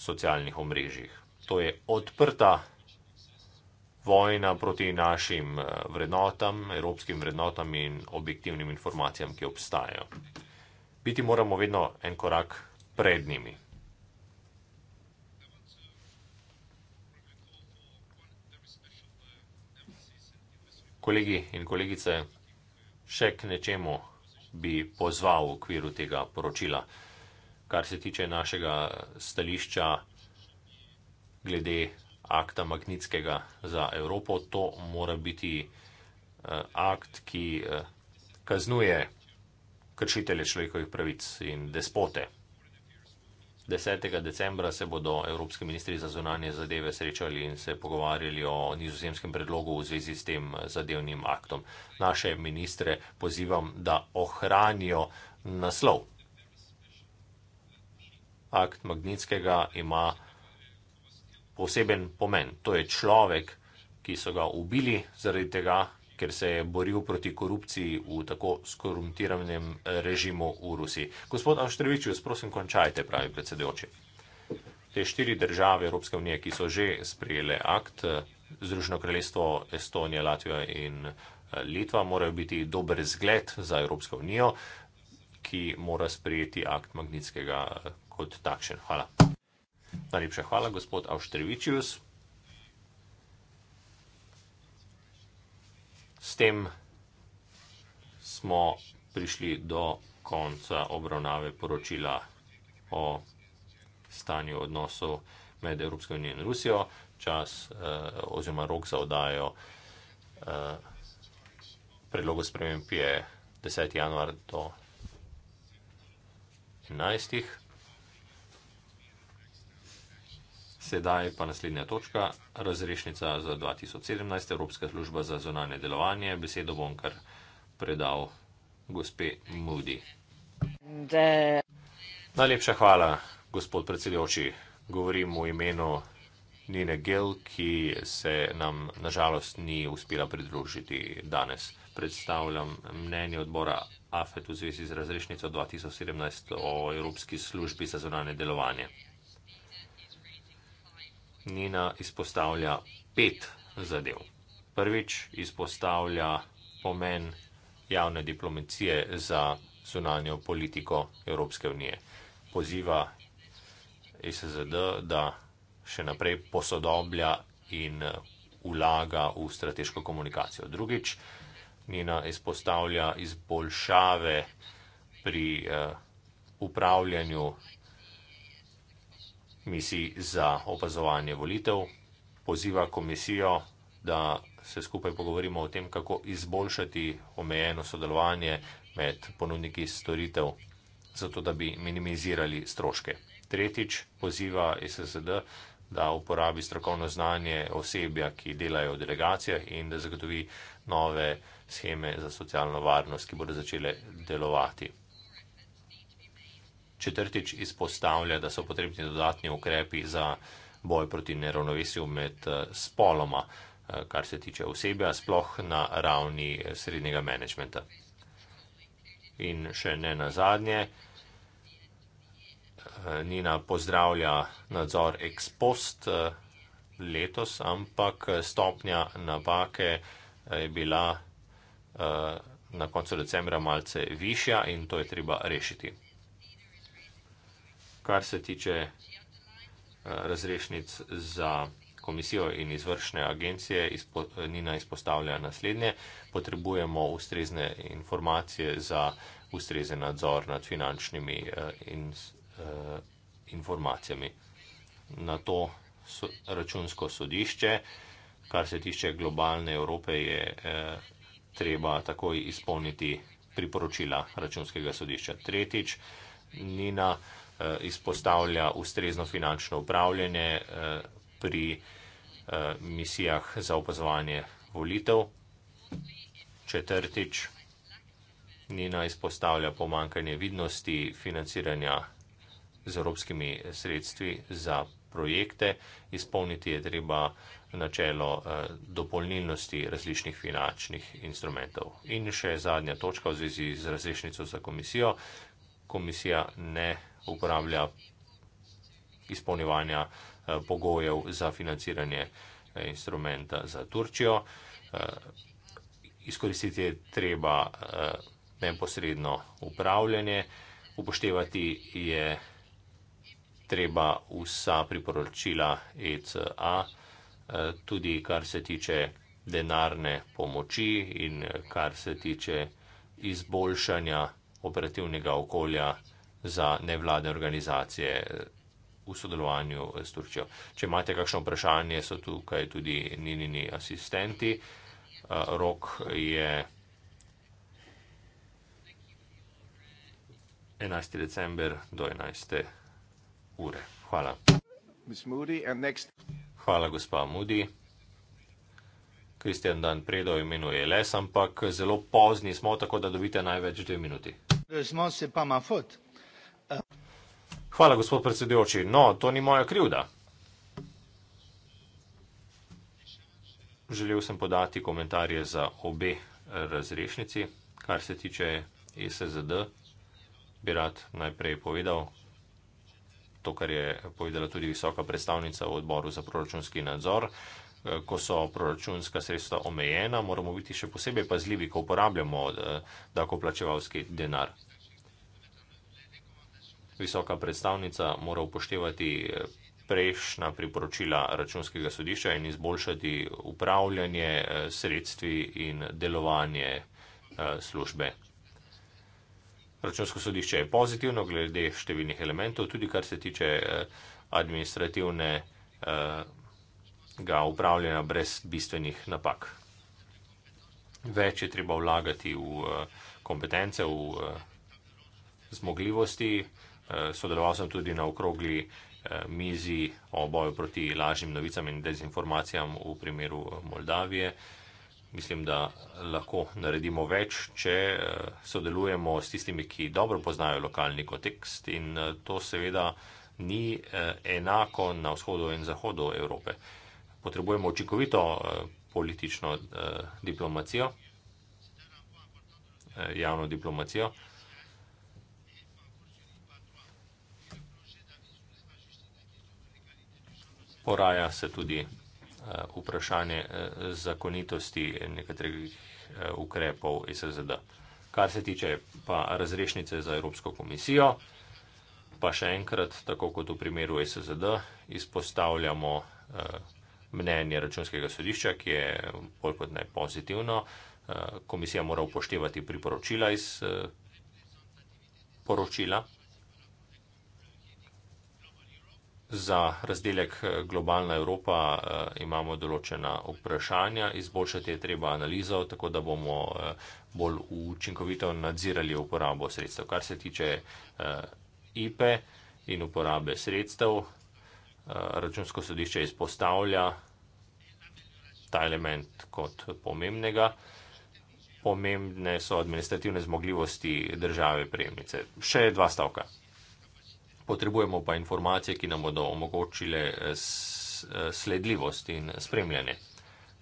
socialnih omrežjih. To je odprta vojna proti našim eh, vrednotam, evropskim vrednotam in objektivnim informacijam, ki obstajajo. Biti moramo vedno en korak pred njimi. Kolegi in kolegice, še k nečemu bi pozval v okviru tega poročila kar se tiče našega stališča glede akta Magnitskega za Evropo, to mora biti eh, akt, ki eh, kaznuje kršitelje človekovih pravic in despote. 10. decembra se bodo evropski ministri za zunanje zadeve srečali in se pogovarjali o nizozemskem predlogu v zvezi s tem eh, zadevnim aktom. Naše ministre pozivam, da ohranijo naslov akt magnetskega ima poseben pomen. To je človek, ki so ga ubili zaradi tega, ker se je boril proti korupciji v tako skorumpiranem režimu v Rusiji. Gospod Avštrevičus, prosim, končajte, pravi predsedujoči. Te štiri države Evropske unije, ki so že sprejele akt, Združeno kraljestvo, Estonija, Latvija in eh, Litva, morajo biti dober zgled za Evropsko unijo, ki mora sprejeti akt magnetskega eh, kot takšen. Hvala. Najlepša hvala, gospod Avštrevičius. S tem smo prišli do konca obravnave poročila o stanju odnosov med Evropsko unijo in Rusijo. Čas eh, oziroma rok za odajo eh, predlogo sprememb je 10. januar do 11. januar. Sedaj pa naslednja točka, razrešnica za 2017, Evropska služba za zonanje delovanje. Besedo bom kar predal gospe Moody. De... Najlepša hvala, gospod predsedujoči. Govorim v imenu Nine Gel, ki se nam nažalost ni uspela pridružiti danes. Predstavljam mnenje odbora AFET v zvezi z razrešnico 2017 o Evropski službi za zonanje delovanje. Nina izpostavlja pet zadev. Prvič izpostavlja pomen javne diplomacije za zunanjo politiko Evropske unije. Poziva SZD, da še naprej posodoblja in ulaga uh, v strateško komunikacijo. Drugič, njena izpostavlja izboljšave pri uh, upravljanju misij za opazovanje volitev, poziva komisijo, da se skupaj pogovorimo o tem, kako izboljšati omejeno sodelovanje med ponudniki storitev, zato da bi minimizirali stroške. Tretjič, poziva SSD, da uporabi strokovno znanje osebja, ki delajo v delegacijah in da zagotovi nove scheme za socialno varnost, ki bodo začele delovati četrtič izpostavlja, da so potrebni dodatni ukrepi za boj proti neravnovesju med eh, spoloma, eh, kar se tiče osebja, sploh na ravni eh, srednjega menedžmenta. In še ne nazadnje, Nina pozdravlja nadzor ex post letos, ampak stopnja napake je bila na koncu decembra malce višja in to je treba rešiti kar se tiče eh, razrešnic za komisijo in izvršne agencije, izpo, Nina izpostavlja naslednje. Potrebujemo ustrezne informacije za ustrezen nadzor nad finančnimi eh, in, eh, informacijami. Na to so, računsko sodišče, kar se tiče globalne Evrope, je treba takoj izpolniti priporočila računskega sodišča. Tretjič, Nina. Eh, izpostavlja ustrezno finančno upravljanje eh, pri eh, misijah za opazovanje volitev. Četrtič, Nina izpostavlja pomankanje vidnosti financiranja z evropskimi sredstvi za projekte. Izpolniti je treba načelo dopolnilnosti različnih finančnih instrumentov. In še zadnja točka v zvezi z različnico za komisijo. Komisija ne uporablja izpolnjevanja eh, pogojev za financiranje eh, instrumenta za Turčijo. Eh, izkoristiti je treba neposredno upravljanje, upoštevati je treba vsa priporočila ECA, tudi kar se tiče denarne pomoči in kar se tiče izboljšanja operativnega okolja za nevladne organizacije eh, v sodelovanju eh, s Turčjo. Če imate kakšno vprašanje, so tukaj tudi ninini asistenti. Eh, rok je 11. december do 11. ure. Hvala. Hvala, gospa Moody. Kristjan Dan Predo imenuje Les, ampak zelo pozni smo, tako da dobite največ dve minuti. Smo se pa mafot. Hvala, gospod predsedujoči. No, to ni moja krivda. Želel sem podati komentarje za obe razrešnici. Kar se tiče e SSD, bi rad najprej povedal to, kar je povedala tudi visoka predstavnica v odboru za proračunski nadzor. Ko so proračunska sredstva omejena, moramo biti še posebej pazljivi, ko uporabljamo eh, dakoplačevalski denar visoka predstavnica mora upoštevati eh, prejšnja priporočila računskega sodišča in izboljšati upravljanje eh, sredstvi in delovanje eh, službe. Računsko sodišče je pozitivno glede številnih elementov, tudi kar se tiče administrativnega upravljanja brez bistvenih napak. Več je treba vlagati v kompetence, v zmogljivosti. Eh, sodeloval sem tudi na okrogli eh, mizi o boju proti lažnim novicam in dezinformacijam v primeru eh, Moldavije. Mislim, da lahko naredimo več, če sodelujemo s tistimi, ki dobro poznajo lokalni kontekst in to seveda ni enako na vzhodu in zahodu Evrope. Potrebujemo očikovito politično diplomacijo, javno diplomacijo. poraja se tudi eh, vprašanje eh, zakonitosti nekaterih eh, ukrepov SZD. Kar se tiče pa razrešnice za Evropsko komisijo, pa še enkrat, tako kot v primeru SZD, izpostavljamo mnenje računskega sodišča, ki je bolj kot naj pozitivno. Komisija mora upoštevati priporočila iz poročila Za razdelek eh, globalna Evropa eh, imamo določena vprašanja, izboljšati je treba analizo, tako da bomo eh, bolj učinkovito nadzirali uporabo sredstev. Kar se tiče IPE in uporabe sredstev, računsko sodišče izpostavlja ta element kot pomembnega. Pomembne so administrativne zmogljivosti države prejemnice. Še dva stavka potrebujemo pa informacije, ki nam bodo omogočile eh, eh, sledljivost in spremljanje.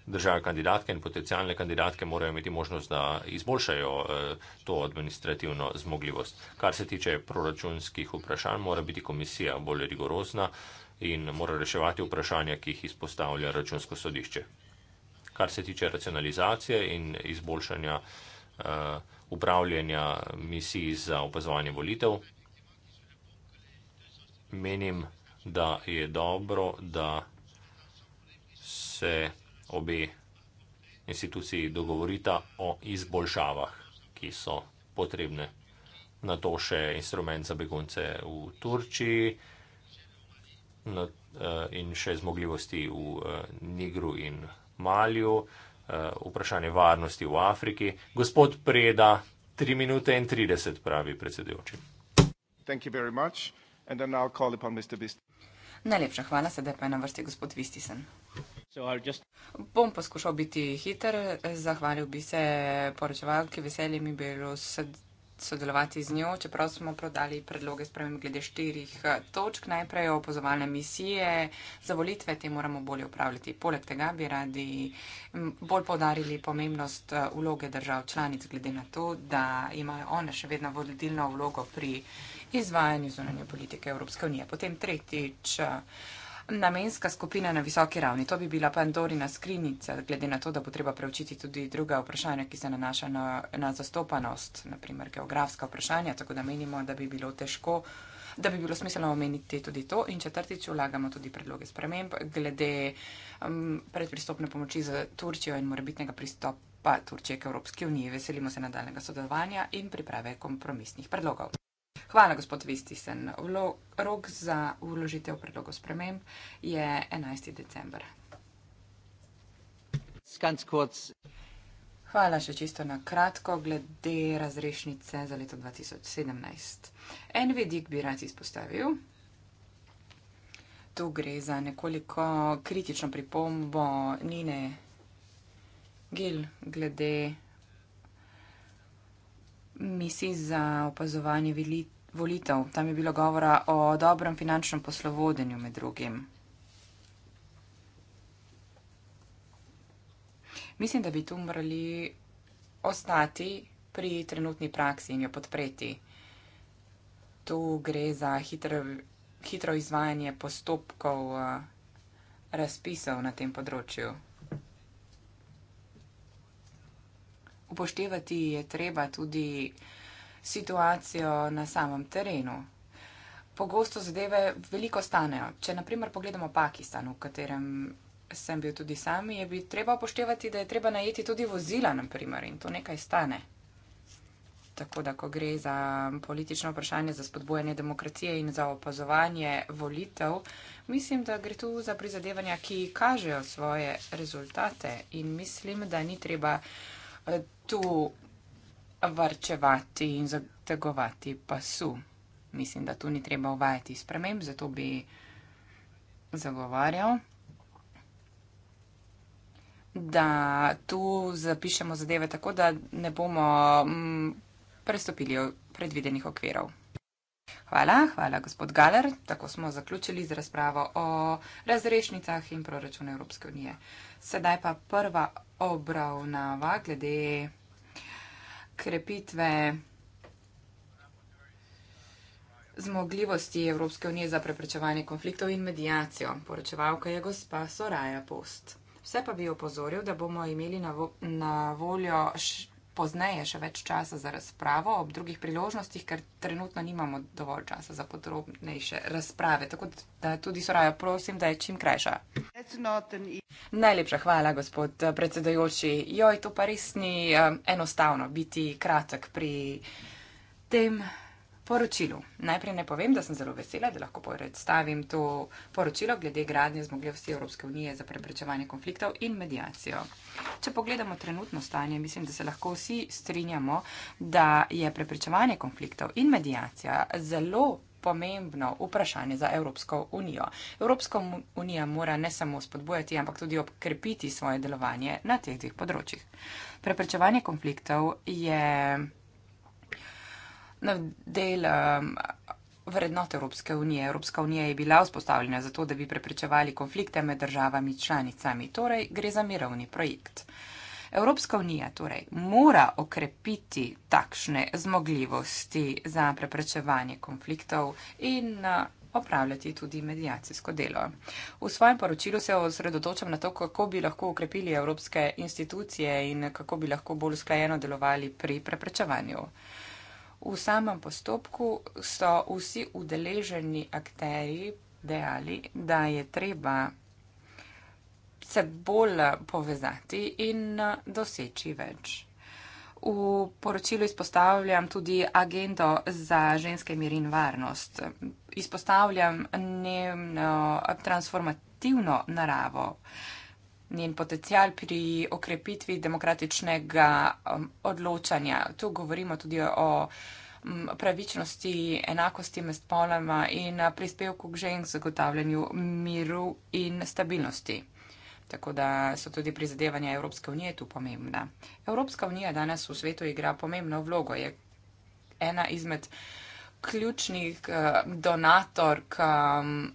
Države kandidatke in potencijalne kandidatke morajo imeti možnost, da izboljšajo eh, to administrativno zmogljivost. Kar se tiče proračunskih vprašanj, mora biti komisija bolj rigorozna in mora reševati vprašanja, ki jih izpostavlja računsko sodišče. Kar se tiče racionalizacije in izboljšanja upravljanja misij za opazovanje volitev, menim, da je dobro, da se obe instituciji dogovorita o izboljšavah, ki so potrebne. Na to še instrument za begunce v Turčiji eh, in še zmogljivosti v eh, Nigru in Malju, eh, vprašanje varnosti v Afriki. Gospod Preda, 3 minute in 30, pravi predsedujoči. Thank you very much and then I'll call upon Mr. Bist. Najlepša hvala, sedaj pa je na vrsti gospod Vistisen. Just... Bom poskušal biti hiter, zahvalil bi se poročevalki, veselje mi bilo sodelovati z njo, čeprav smo prodali predloge sprem glede štirih eh, točk. Najprej opozovalne misije, za volitve te moramo bolje upravljati. Poleg tega bi radi bolj podarili pomembnost eh, vloge držav članic glede na to, da imajo one še vedno vodilno vlogo pri izvajanju zunanje politike Evropske unije. Potem tretjič, eh, namenska skupina na visoki ravni. To bi bila Pandorina skrinica, glede na to, da bo treba preučiti tudi druga vprašanja, ki se nanaša na, na zastopanost, naprimer geografska vprašanja, tako da menimo, da bi bilo težko da bi bilo smiselno omeniti tudi to in četrtič vlagamo tudi predloge sprememb glede um, predpristopne pomoči za Turčijo in morebitnega pristopa Turčije k Evropski uniji. Veselimo se nadaljnega sodelovanja in priprave kompromisnih predlogov. Hvala, gospod Vistisen. Rok za uložitev predlogov sprememb je 11. december. Hvala še čisto na kratko glede razrešnice za leto 2017. En vidik bi rad izpostavil. Tu gre za nekoliko kritično pripombo Nine Gil glede misij za opazovanje velit volitev. Tam je bilo govora o dobrem finančnem poslovodenju med drugim. Mislim, da bi tu morali ostati pri trenutni praksi in jo podpreti. Tu gre za hitro, hitro izvajanje postopkov eh, razpisov na tem področju. Upoštevati je treba tudi situacijo na samem terenu. Pogosto zadeve veliko stanejo. Če naprimer pogledamo Pakistan, v katerem sem bil tudi sam, je bi treba upoštevati, da je treba najeti tudi vozila, naprimer, in to nekaj stane. Tako da, ko gre za politično vprašanje, za spodbojanje demokracije in za opazovanje volitev, mislim, da gre tu za prizadevanja, ki kažejo svoje rezultate in mislim, da ni treba eh, tu varčevati in zategovati pasu. Mislim, da tu ni treba uvajati sprememb, zato bi zagovarjal, da tu zapišemo zadeve tako, da ne bomo mm, prestopili predvidenih okvirov. Hvala, hvala gospod Galer. Tako smo zaključili z razpravo o razrešnicah in proračunu Evropske unije. Sedaj pa prva obravnava glede krepitve zmogljivosti Evropske unije za preprečevanje konfliktov in medijacijo. Poročevalka je gospa Soraja Post. Vse pa bi opozoril, da bomo imeli na, vo na voljo pozneje še več časa za razpravo ob drugih priložnostih, ker trenutno nimamo dovolj časa za podrobnejše razprave. Tako da tudi Soraja, prosim, da je čim krajša. Najlepša hvala, gospod predsedajoči. Joj, to pa res ni um, enostavno biti kratek pri tem poročilu. Najprej ne povem, da sem zelo vesela, da lahko predstavim to poročilo glede gradnje zmogljivosti Evropske unije za preprečevanje konfliktov in medijacijo. Če pogledamo trenutno stanje, mislim, da se lahko vsi strinjamo, da je preprečevanje konfliktov in medijacija zelo pomembno vprašanje za Evropsko unijo. Evropska unija mora ne samo spodbujati, ampak tudi okrepiti svoje delovanje na teh dveh področjih. Preprečevanje konfliktov je del um, vrednot Evropske unije. Evropska unija je bila vzpostavljena zato, da bi preprečevali konflikte med državami članicami. Torej, gre za mirovni projekt. Evropska unija torej mora okrepiti takšne zmogljivosti za preprečevanje konfliktov in uh, opravljati tudi medijacijsko delo. V svojem poročilu se osredotočam na to, kako bi lahko okrepili evropske institucije in kako bi lahko bolj usklajeno delovali pri preprečevanju. V samem postopku so vsi udeleženi akteri dejali, da je treba se bolj povezati in eh, doseči več. V poročilu izpostavljam tudi agendo za ženske mir in varnost. Izpostavljam njeno transformativno naravo njen potencial pri okrepitvi demokratičnega um, odločanja. Tu govorimo tudi o um, pravičnosti, enakosti med spoloma in uh, prispevku k ženk zagotavljanju miru in stabilnosti. Tako da so tudi prizadevanja Evropske unije tu pomembna. Evropska unija danes v svetu igra pomembno vlogo. Je ena izmed ključnih uh, donatork um,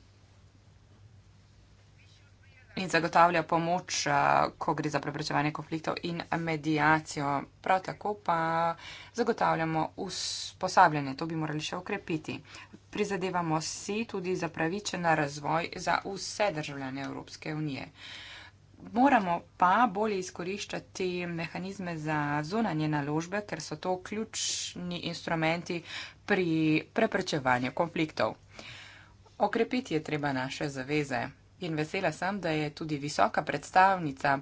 in zagotavlja pomoč, eh, ko gre za preprečevanje konfliktov in medijacijo. Prav tako pa zagotavljamo usposabljanje, to bi morali še ukrepiti. Prizadevamo si tudi za pravičen razvoj za vse državljane Evropske unije. Moramo pa bolje izkoriščati mehanizme za zunanje naložbe, ker so to ključni instrumenti pri preprečevanju konfliktov. Okrepiti je treba naše zaveze. In vesela sem, da je tudi visoka predstavnica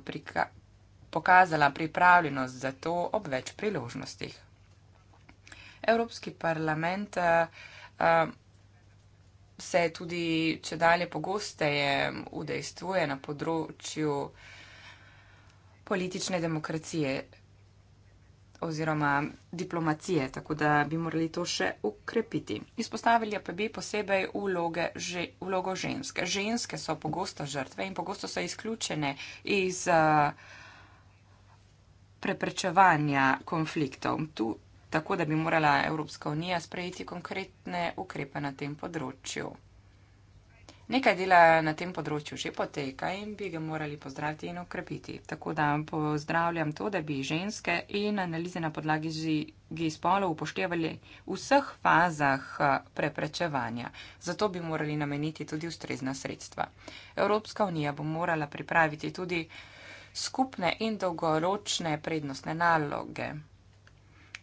pokazala pripravljenost za to ob več priložnostih. Evropski parlament uh, se tudi če dalje pogosteje udejstvuje na področju politične demokracije oziroma diplomacije, tako da bi morali to še ukrepiti. Izpostavili pa bi posebej vloge, že, vlogo žensk. Ženske so pogosto žrtve in pogosto so izključene iz eh, preprečevanja konfliktov. Tu, tako da bi morala Evropska unija sprejeti konkretne ukrepe na tem področju. Nekaj dela na tem področju že poteka in bi ga morali pozdraviti in ukrepiti. Tako da pozdravljam to, da bi ženske in analize na podlagi G-spola upoštevali v vseh fazah eh, preprečevanja. Zato bi morali nameniti tudi ustrezna sredstva. Evropska unija bo morala pripraviti tudi skupne in dolgoročne prednostne naloge.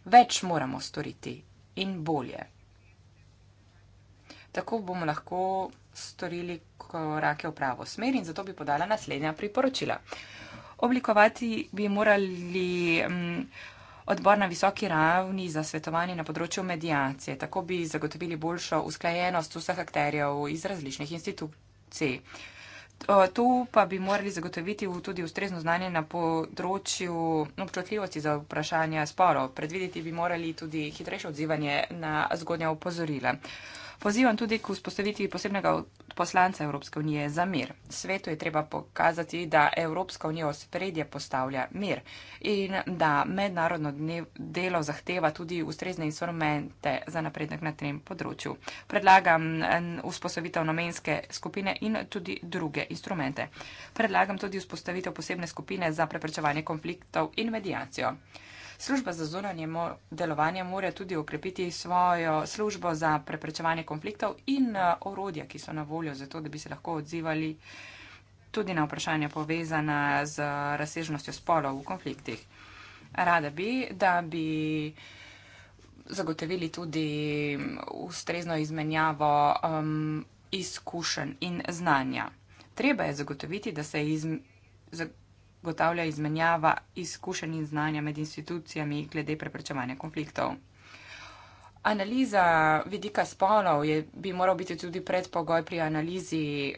Več moramo storiti in bolje. Tako bomo lahko storili korake v pravo smer in zato bi podala naslednja priporočila. Oblikovati bi morali m, mm, odbor na visoki ravni za svetovanje na področju medijacije. Tako bi zagotovili boljšo usklajenost vseh akterjev iz različnih institucij. Tu pa bi morali zagotoviti tudi ustrezno znanje na področju občutljivosti za vprašanja sporov. Predvideti bi morali tudi hitrejše odzivanje na zgodnja opozorila. Pozivam tudi k vzpostavitvi posebnega poslanca Evropske unije za mir. Svetu je treba pokazati, da Evropska unija v spredje postavlja mir in da mednarodno delo zahteva tudi ustrezne instrumente za napredek na tem področju. Predlagam vzpostavitev namenske skupine in tudi druge instrumente. Predlagam tudi vzpostavitev posebne skupine za preprečevanje konfliktov in medijacijo. Služba za zunanje delovanje mora tudi okrepiti svojo službo za preprečevanje konfliktov in eh, orodja, ki so na voljo za to, da bi se lahko odzivali tudi na vprašanja povezana z razsežnostjo spolov v konfliktih. Rada bi, da bi zagotovili tudi ustrezno izmenjavo um, izkušenj in znanja. Treba je zagotoviti, da se izmenjava gotavlja izmenjava izkušenj in znanja med institucijami glede preprečevanja konfliktov. Analiza vidika spolov je, bi moral biti tudi predpogoj pri analizi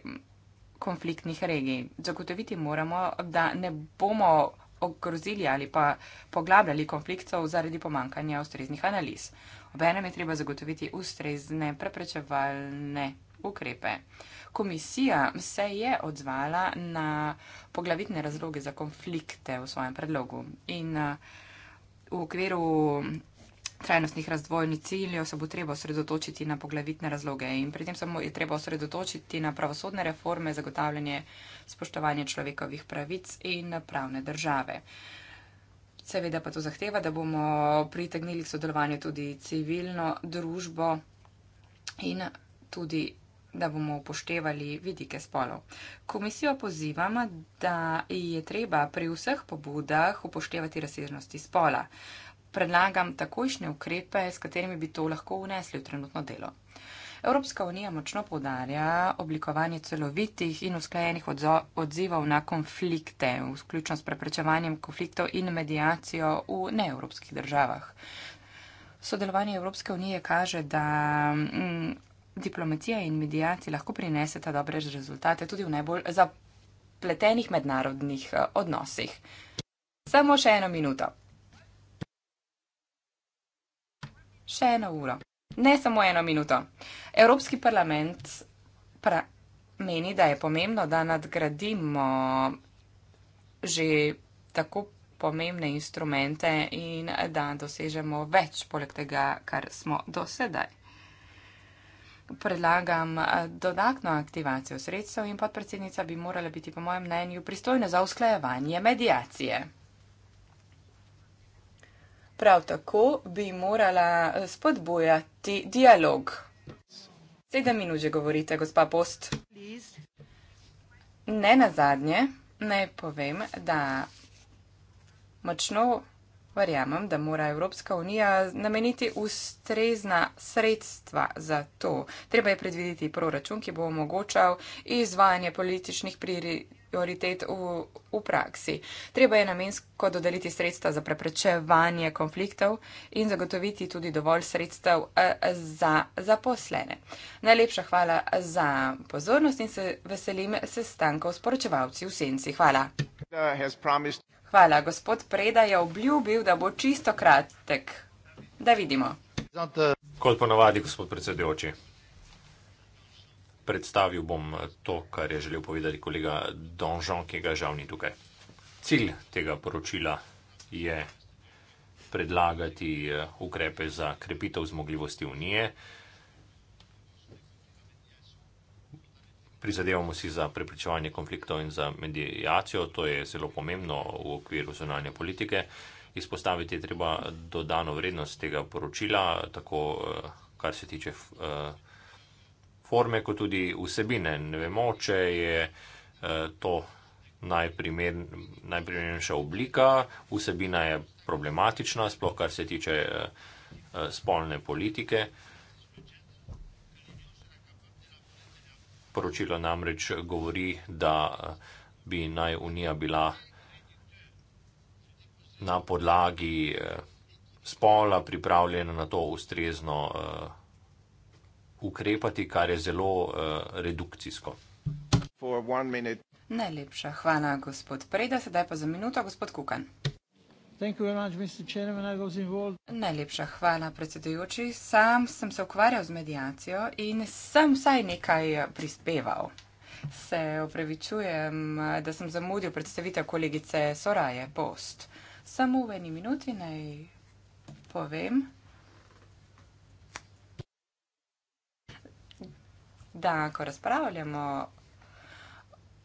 konfliktnih regij. Zagotoviti moramo, da ne bomo ogrozili ali pa poglabljali konfliktov zaradi pomankanja ustreznih analiz. Obenem je treba zagotoviti ustrezne preprečevalne ukrepe. Komisija se je odzvala na poglavitne razloge za konflikte v svojem predlogu in eh, v okviru trajnostnih razvojnih ciljev se bo treba osredotočiti na poglavitne razloge in pri tem se bo treba osredotočiti na pravosodne reforme, zagotavljanje spoštovanja človekovih pravic in pravne države. Seveda pa to zahteva, da bomo pritegnili k sodelovanju tudi civilno družbo in tudi da bomo upoštevali vidike spolov. Komisijo pozivam, da je treba pri vseh pobudah upoštevati razsežnosti spola. Predlagam takojšnje ukrepe, s katerimi bi to lahko unesli v trenutno delo. Evropska unija močno podarja oblikovanje celovitih in usklajenih odzivov na konflikte, vključno s preprečevanjem konfliktov in medijacijo v neevropskih državah. Sodelovanje Evropske unije kaže, da mm, diplomacija in medijacija lahko prineseta dobre rezultate tudi v najbolj zapletenih mednarodnih eh, odnosih. Samo še eno minuto. Še eno uro. Ne samo eno minuto. Evropski parlament pra, meni, da je pomembno, da nadgradimo že tako pomembne instrumente in da dosežemo več poleg tega, kar smo do sedaj predlagam eh, dodatno aktivacijo sredstev in podpredsednica bi morala biti, po mojem mnenju, pristojna za usklajevanje medijacije. Prav tako bi morala eh, spodbujati dialog. Sedem minut že govorite, gospa Post. Ne na zadnje, naj povem, da močno Verjamem, da mora Evropska unija nameniti ustrezna sredstva za to. Treba je predvideti proračun, ki bo omogočal izvajanje političnih prioritet v, v praksi. Treba je namensko dodeliti sredstva za preprečevanje konfliktov in zagotoviti tudi dovolj sredstev eh, za zaposlene. Najlepša hvala za pozornost in se veselim sestankov s poročevalci v senci. Hvala. Hvala. Gospod Preda je obljubil, da bo čisto kratek. Da vidimo. Kot ponavadi, gospod predsedujoči. Predstavil bom to, kar je želel povedati kolega Donžon, ki ga žal ni tukaj. Cilj tega poročila je predlagati eh, ukrepe za krepitev zmogljivosti unije, prizadevamo si za preprečevanje konfliktov in za medijacijo, to je zelo pomembno v okviru zunanje politike. Izpostaviti je treba dodano vrednost tega poročila, tako eh, kar se tiče eh, forme, kot tudi vsebine. Ne vemo, če je eh, to najprimernejša oblika, vsebina je problematična, sploh kar se tiče spolne politike. Poročilo namreč govori, da bi naj Unija bila na podlagi eh, spola pripravljena na to ustrezno eh, ukrepati, kar je zelo eh, redukcijsko. Najlepša hvala, gospod Preda. Sedaj pa za minuto, gospod Kukan. Najlepša hvala, predsedujoči. Sam sem se ukvarjal z medijacijo in sem vsaj nekaj prispeval. Se opravičujem, da sem zamudil predstavitev kolegice Soraje Post. Samo v eni minuti naj povem. Da, ko razpravljamo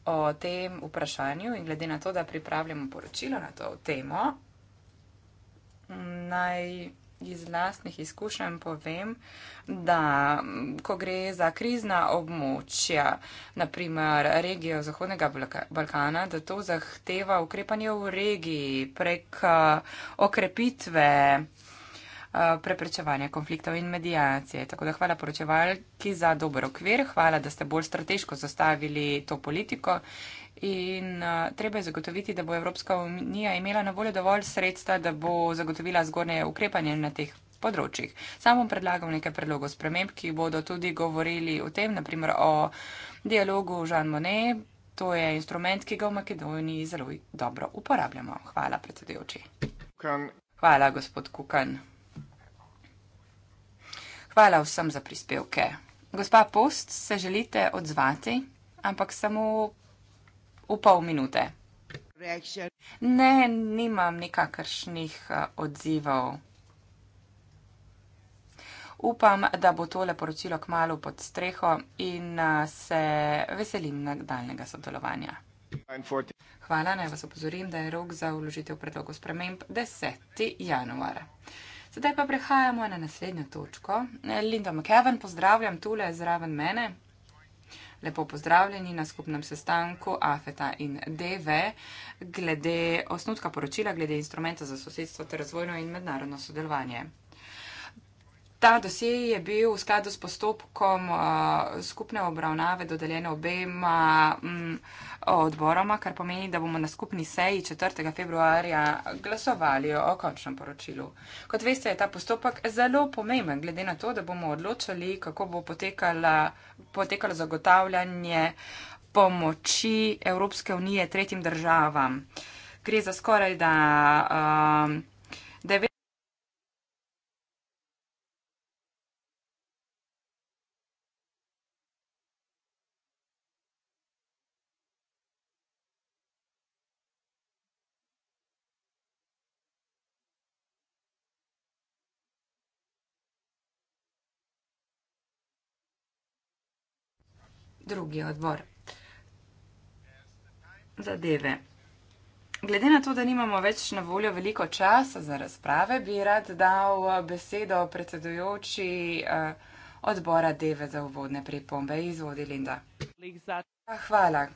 o tem vprašanju in glede na to, da pripravljamo poročilo na to temo, naj iz lastnih izkušenj povem, da ko gre za krizna območja, naprimer regijo Zahodnega Balkana, da to zahteva ukrepanje v regiji prek okrepitve preprečevanja konfliktov in medijacije. Tako da hvala poročevalki za dober okvir, hvala, da ste bolj strateško zastavili to politiko In uh, treba je zagotoviti, da bo Evropska unija imela na voljo dovolj sredstva, da bo zagotovila zgornje ukrepanje na teh področjih. Sam bom predlagal nekaj predlogov sprememb, ki bodo tudi govorili o tem, naprimer o dialogu Jean Monnet. To je instrument, ki ga v Makedoniji zelo dobro uporabljamo. Hvala, predsedujoči. Hvala, gospod Kukan. Hvala vsem za prispevke. Gospa Post, se želite odzvati, ampak samo v pol minute. Reaction. Ne, nimam nikakršnih eh, odzivov. Upam, da bo tole poročilo kmalo pod streho in eh, se veselim nadaljnega sodelovanja. Hvala, naj vas opozorim, da je rok za vložitev predlogov sprememb 10. januar. Sedaj pa prehajamo na naslednjo točko. Lindo McKevin, pozdravljam tole zraven mene lepo pozdravljeni na skupnem sestanku AFETA in DV glede osnutka poročila glede instrumenta za sosedstvo ter razvojno in mednarodno sodelovanje. Ta dosej je bil v skladu s postopkom uh, skupne obravnave dodeljeno obema um, odboroma, kar pomeni, da bomo na skupni seji 4. februarja glasovali o končnem poročilu. Kot veste, je ta postopek zelo pomemben, glede na to, da bomo odločali, kako bo potekala, potekalo zagotavljanje pomoči Evropske unije tretjim državam. Gre za skoraj da. Um, drugi odbor zadeve. Glede na to, da nimamo več na voljo veliko časa za razprave, bi rad dal eh, besedo predsedujoči eh, odbora Deve za uvodne pripombe. Izvodi Linda. Hvala.